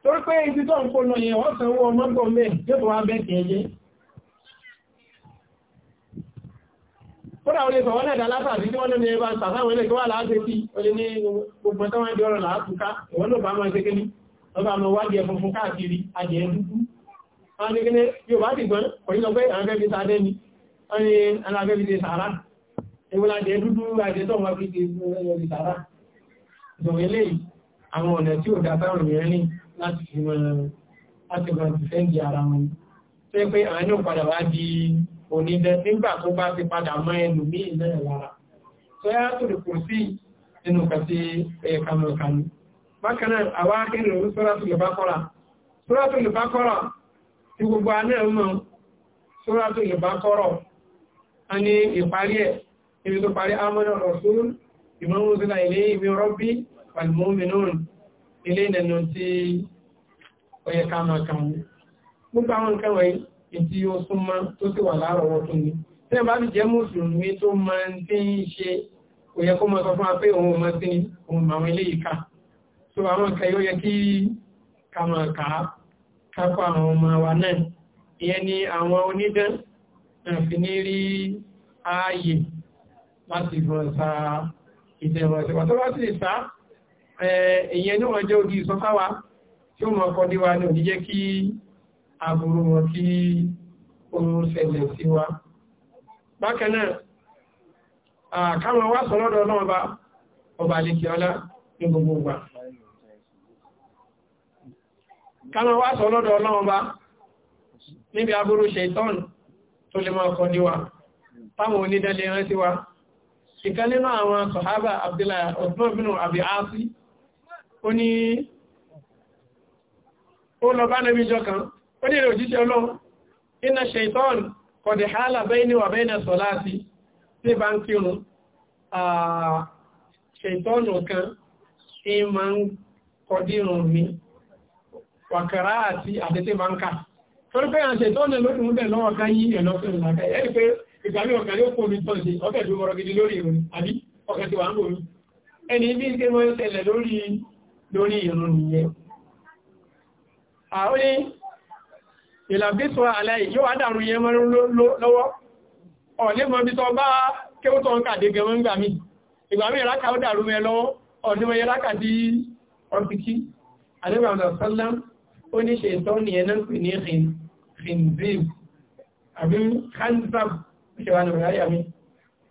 [SPEAKER 1] torí pé ibi tó ń kó lọ yẹn wọ́n sanwó ọmọ́gbọ̀n mẹ́ yóò wá bẹ́ẹ̀kì ẹjẹ́ kódà olè sọ̀wọ́n náà dálátà sí tí wọ́n lè bá sàtàwọn ilẹ̀ tó wà láti sí olè ní gbogbo tó wọ́n di ọ̀rọ̀ láàtúká ìwọ́n ló bá máa ṣe kéní wọ́n bá máa wádìí ẹfúnfún káàkiri adìẹ dúdú wọ́n lè kéne yóò bá ti gbọ́n kò ní lọ pé àwọn afẹ́bí sa dẹ́ni wọ́n ni aláfẹ́bí ti sàárà ewúlá adìẹ dúdú adìẹ tó wọ́n fi ti sàárà ìṣòwò eléyìí láti fi wọn láti wọn ti fẹ́ di ara wọn tó pé àwọn yóò padà wá di onídẹ nígbà tó bá ti padà mọ́ ẹnu ní ilẹ̀ lára tó yá tó lè kò sí nínú kàtí ẹ̀yẹ kanúkanú bákan náà àwọn akẹ́rin òun sọ́rọ̀ tó lè bá kọ́ra sọ́rọ̀ tó lè bá kọ́ra tí gbogbo anáà ilé ìdẹnu tí ó yẹ ká máa kàn gbogbo àwọn nǹkan wọ̀nyí ìdí ó súnmọ́ tó sì wà lárọ̀wọ́ tó ní tí ẹ bá ti jẹ́ mùsùlùmí tó máa ń tí ń ṣe kò yẹ kó máa sọ fún wa òun máa sí òun àwọn ilé ìka tó àwọn nǹkan yóò yẹ kí ká máa kà á kápá àwọn ọmọ wa náà ìyẹn ni àwọn onídán àfi ní rí ààyè láti gbọ̀nsá ìdẹ̀rọ̀ ìṣẹ̀wà tó bá sì sá èyàn ní wọ́n jẹ́ ojú ìsọfáwà tí ó mọ̀ ọkọ̀ díwá ní òjíjẹ́ kí àbúrú wọn kí oòrùn ṣẹlẹ̀ sí wa bákan náà àkáwọn wá sọ́lọ́dọ̀ náà bá ọba àlekè ọlá ní gbogbo ìgbà káwọn wá sọ́lọ́dọ̀ náà táwọn onídẹ́lẹ̀ rántí wa ìkan nínú àwọn sọ̀hábà Abdullahi Osman bin Abi Asi ó ní ó lọ bá nẹ́bí jọ kan ó ní èrè òjíṣẹ́ ọlọ́run iná ṣeitọ́n kọ̀dẹ̀ hálà bẹ́ẹ̀ni wà bẹ́ẹ̀ni sọ láti tí bá ń kírun ṣeitọ́n kan tí ma ń kọdírun mi wàkàrá àti àdẹ́tẹ́ bá ń ká torí pé àṣẹ tó wà ń gòrò ẹni bí ṣe mọ́ ṣẹlẹ̀ lórí lórí ìrun nìyẹn àwọn ìlàbísọ aláì yóò adàrú yẹn mọ́ lọ́wọ́ ọ̀lẹ́ mọ́ bí tọ bá kéwótọ́ ń kàdé gẹ̀mọ́ ń gbà mí ìgbà mí ìrákà ó dàrú mẹ́ lọ́wọ́ ọdún mẹ́ ìrákà dí ọ̀pìkí adébàmọ̀sánlám ó ní ṣe ìtọ́ ní ẹ̀nà pè ní khinzib àbí khanzab ṣèwàlù ráyà mi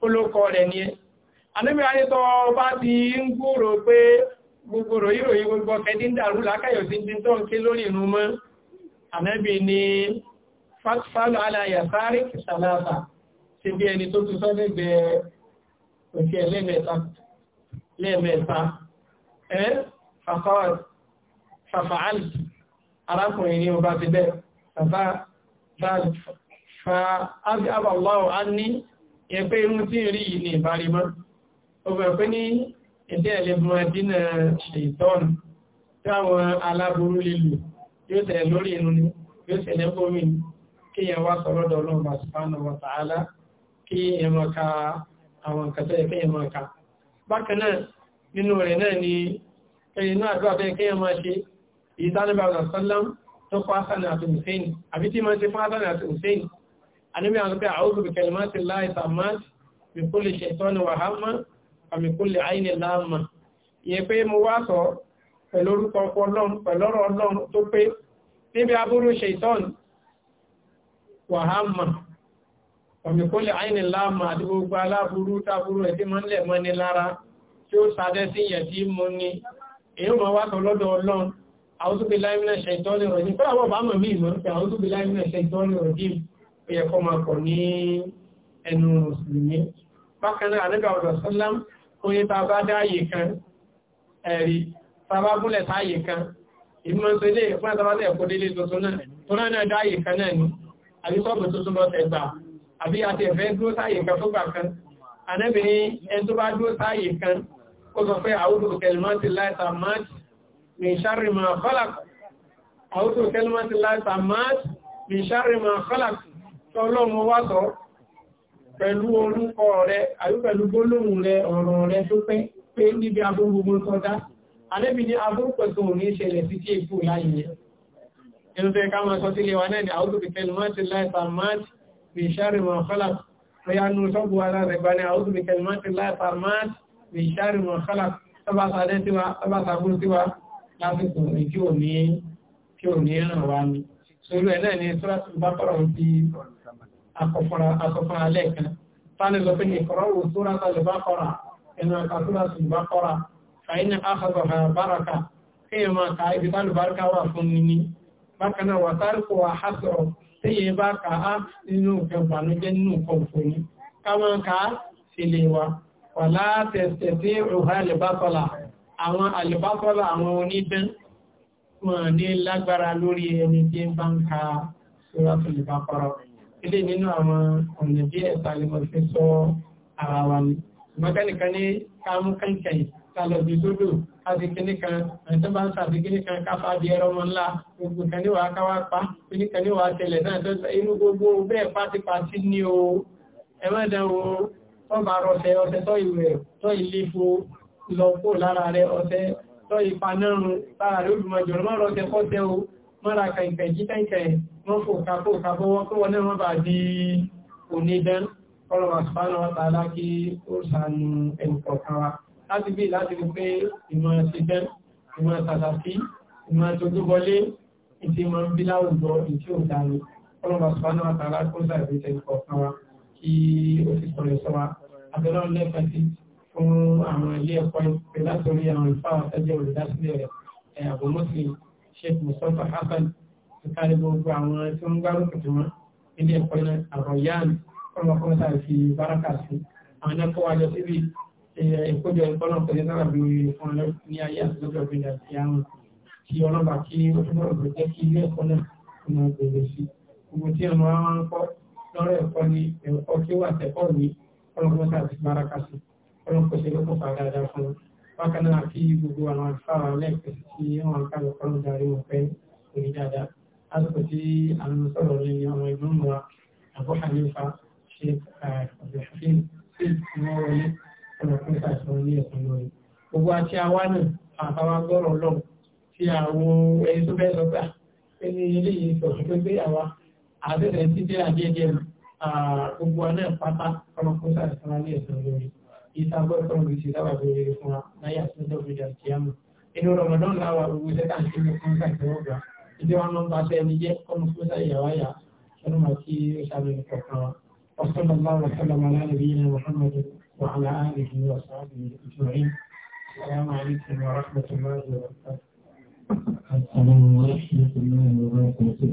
[SPEAKER 1] ó ló kọ́ rẹ̀ gbogbo ròyìnròyìn gbogbo ọ̀fẹ́ tí ń dàrú lákàyọ̀ sí ti tó ń ké lórí inú mọ́ ànábì ni fásfálù aláyà sáré sàlásà ṣe bí ẹni tó tún sọ́gbẹ̀gbẹ̀ òṣìṣẹ́ lẹ́mẹ̀ẹ́ta ẹ́ fàfàálì arákùnrin ni ọba ti bẹ́ẹ̀ bàbá fàábí àbàláwọ̀ á ní ẹgbẹ́ irun tí rí ní ìbárimọ́ ẹ̀dẹ́ ẹ̀lẹ́bùn adínà ṣètọ́nù táwọn aláburú lílù yóò tẹ̀ lórí inú ni yóò tẹ̀ lẹ́gbómi kí yẹn wá sọ̀rọ̀ dọ̀lọ́ subhanahu wa ta'ala kí yẹn máa ka àwọn nǹkan tó yẹ kí yẹn máa ka. bákan náà nínú rẹ̀ náà ni ẹ̀yìn náà àdúrà bẹ́ẹ̀ kí yẹn máa ṣe ìdánilá ọ̀sánlám tó kọ́ Hasan àti Hussein àbí tí máa ṣe fún Hasan àti Hussein àníbi àwọn pé a'udhu bi kalimati llahi tammati min kulli shaytanin wa àmìkúlẹ̀ àìní láàmà ìyẹn pé mo wá sọ pẹ̀lú orúkọ pẹ̀lọ́rọ̀ ọlọ́run tó pé níbi aburú ṣèitán wàhámà àmìkúlẹ̀ àìní láàmà àti gbogbo aláburú táburú ẹ̀ tí mọ́ nílẹ̀ mọ́ ní lára tí ó sadẹ́ sí ìyẹ̀ tí mo ní èyí mo wá sọ lọ́dọ̀ ọlọ́run àwọn tó bí láì mìíràn ṣe ìtọ́lé rọ̀jí pẹ́lú àwọn ọba mọ̀ mí ìmọ̀ pé àwọn tó bí sọ́lám oye bàbá dáyé kan ẹ̀rí bàbá gúnlẹ̀ táyé kan ìmọ̀sílẹ̀ fún àtàbátẹ̀ ẹ̀kọ́ délé tuntun náà tó náà náà dáyé kan náà ni àbí sọ́ọ̀bù tuntun lọ tẹ̀gbà àbí àti ẹ̀fẹ́ dúró táyé kan fúgbà kan anẹ́bìnrin ẹn tó bá dúró táyé kan ó sọ pé àwùjọ kẹlìmọ́tì láìsà máàtì ní ìṣàrí máa kọ́làk àwùjọ kẹlìmọ́tì láìsà máàtì ní ìṣàrí máa kọ́làk tó ọlọ́run wá sọ pẹ̀lú orúkọ rẹ̀ àbí pẹ̀lú gbólóhùn rẹ̀ ọ̀rọ̀ rẹ̀ tó pẹ́ pé níbi aburú gbogbo nǹkan dá alẹ́bí ní aburú pẹ̀sùn òní ìṣẹ̀lẹ̀ sí tí èkó láyé yẹn inú fẹ́ ká máa sọ sílé wa náà ni àwọn tó fi kẹlu máti láìpa máti fi ṣáàrì mọ̀ kọ́lá lọ́yà nú sọ́bù ara rẹ̀ gba ni àwọn tó fi kẹlu máti akọ̀fúnra lẹ́ẹ̀kan tani lọ fún ìkọ̀rọ̀wò sóra tàlùbákọ́ra ẹnu àkàtúrà tàlùbákọ́ra fàyínà àkàzọ̀fà báraka kíyàn máa ka ibi tàlùbáríkà wà fún níní bákan náà wà tárùkù wà hásọ̀rọ̀ tí yẹ bá ka á nínú nǹkan bànújẹ́ nínú nǹkan òfòní ká máa ka á sì lè wa wà látẹ̀sẹ̀ sí òhà àlùbátọ́là àwọn àlùbátọ́là àwọn onídán wọn ní lágbára lórí ẹni tí ń ilé nínú àwọn ọ̀nà díẹ̀ tàbíkọ̀ fi sọ ara wa ni mọ́kànlẹ̀kan ní káàmù kankan tàbí sódò káàbí kíníkan ẹ̀tọ́ bá ń sàbí kíníkan káfà bí ẹrọ wọn ńlá gbogbo kaníwà káwà pa kíníkaníwà tẹ̀lẹ̀ náà tó inú gbogbo bẹ́ẹ̀ pátipátí ní o ẹ̀mọ́dẹ̀ o tó bá rọ̀ṣẹ̀ ọ̀ṣẹ̀ tó ìwẹ̀ tó ìlẹ́fo lọ kó lára rẹ̀ ọ̀ṣẹ̀ tó ìpanárun lára wọ́n fò kàkó kàbọ́wọ́ kó wọ́n náà bá di onídẹ́n ọlọ́wà sùpánà wọ́n tààlá kí ó sànù ẹnìkọ̀ọ̀kan wa láti bí láti rí pé ìmọ̀ ṣẹ̀dẹ́n ìmọ̀ tàtàkì ìmọ̀ tójúbọlé ìtì ìmọ̀ ń bí láwùjọ ìtì òdàní ọlọ́wà sùpánà wọ́n tààlá kó sàbí ẹnìkọ̀ọ̀kan wa kí ó sì sọ̀rọ̀ sọ wa abẹ́rẹ́ fún àwọn ilé ẹ̀kọ́ ìpè látòrí àwọn ìfáwọn tẹ́jẹ́ olùdásílẹ̀ rẹ̀ kárí gbogbo àwọn tí wọ́n gbárùkù tí wọ́n ilé ẹ̀kọ́ iná àrọ̀yáàmì kọ́lọ̀kọ́ta fi báraka sí àwọn ẹ̀kọ́ wájọ síbi ìkójọ ìkọ́lọ̀kọ́ ní sára bí fún ní ayé àtijọ́ ìgbìyà sí àwọn tí ọlọ́ba kí ó túbọ̀ rẹ̀ jẹ́ kí ilé ẹ̀kọ́ náà kò máa gbèrè sí gbogbo tí ọmọ wa ń kọ́ lọ́rọ̀ ẹ̀kọ́ ní ẹ̀kọ́ kí ó wà tẹ́kọ́ ní kọ́lọ̀kọ́ta fi báraka lásìkò tí àwọn sọ̀rọ̀ ní ọmọ ẹgbẹ́ wa Abu Hanifa ṣe àbẹ̀fín sí ìmọ̀ wọlé ọ̀nà Gbogbo àti àwa náà àtàwọn gbọ́rọ̀ lọ́wọ́ tí àwọn ẹni tó bẹ́ẹ̀ sọ́gbà pé ilé ah, yìí sọ̀rọ̀ pé pé àwa àbẹ̀rẹ̀ sí àjẹjẹ ah, gbogbo àná pátá ọmọ fún ìsàtúnwọ̀n ní ẹ̀sán lórí. Ìsàgbọ́ ìsọ̀rọ̀ ti sábà bẹ̀rẹ̀ fún wa láyé àtúntò ìjà ìkíyàmù. Inú Ramadan láwa gbogbo sẹ́kà ń ṣe fún ìsàtúnwọ̀n ìdí wọn ló ń bá sẹ́ni jẹ́ ọmọ fún sáyé ẹ̀wá yà ẹnu máa kí ó sábẹ́ kọ̀ọ̀kan wa ọ̀sán lọ́wọ́ ọ̀sán lọ́wọ́ aláàbí ní Muhammad wà aláàbí ọ̀sán àbí ìjọyìn السلام عليكم ورحمة الله وبركاته السلام ورحمة الله وبركاته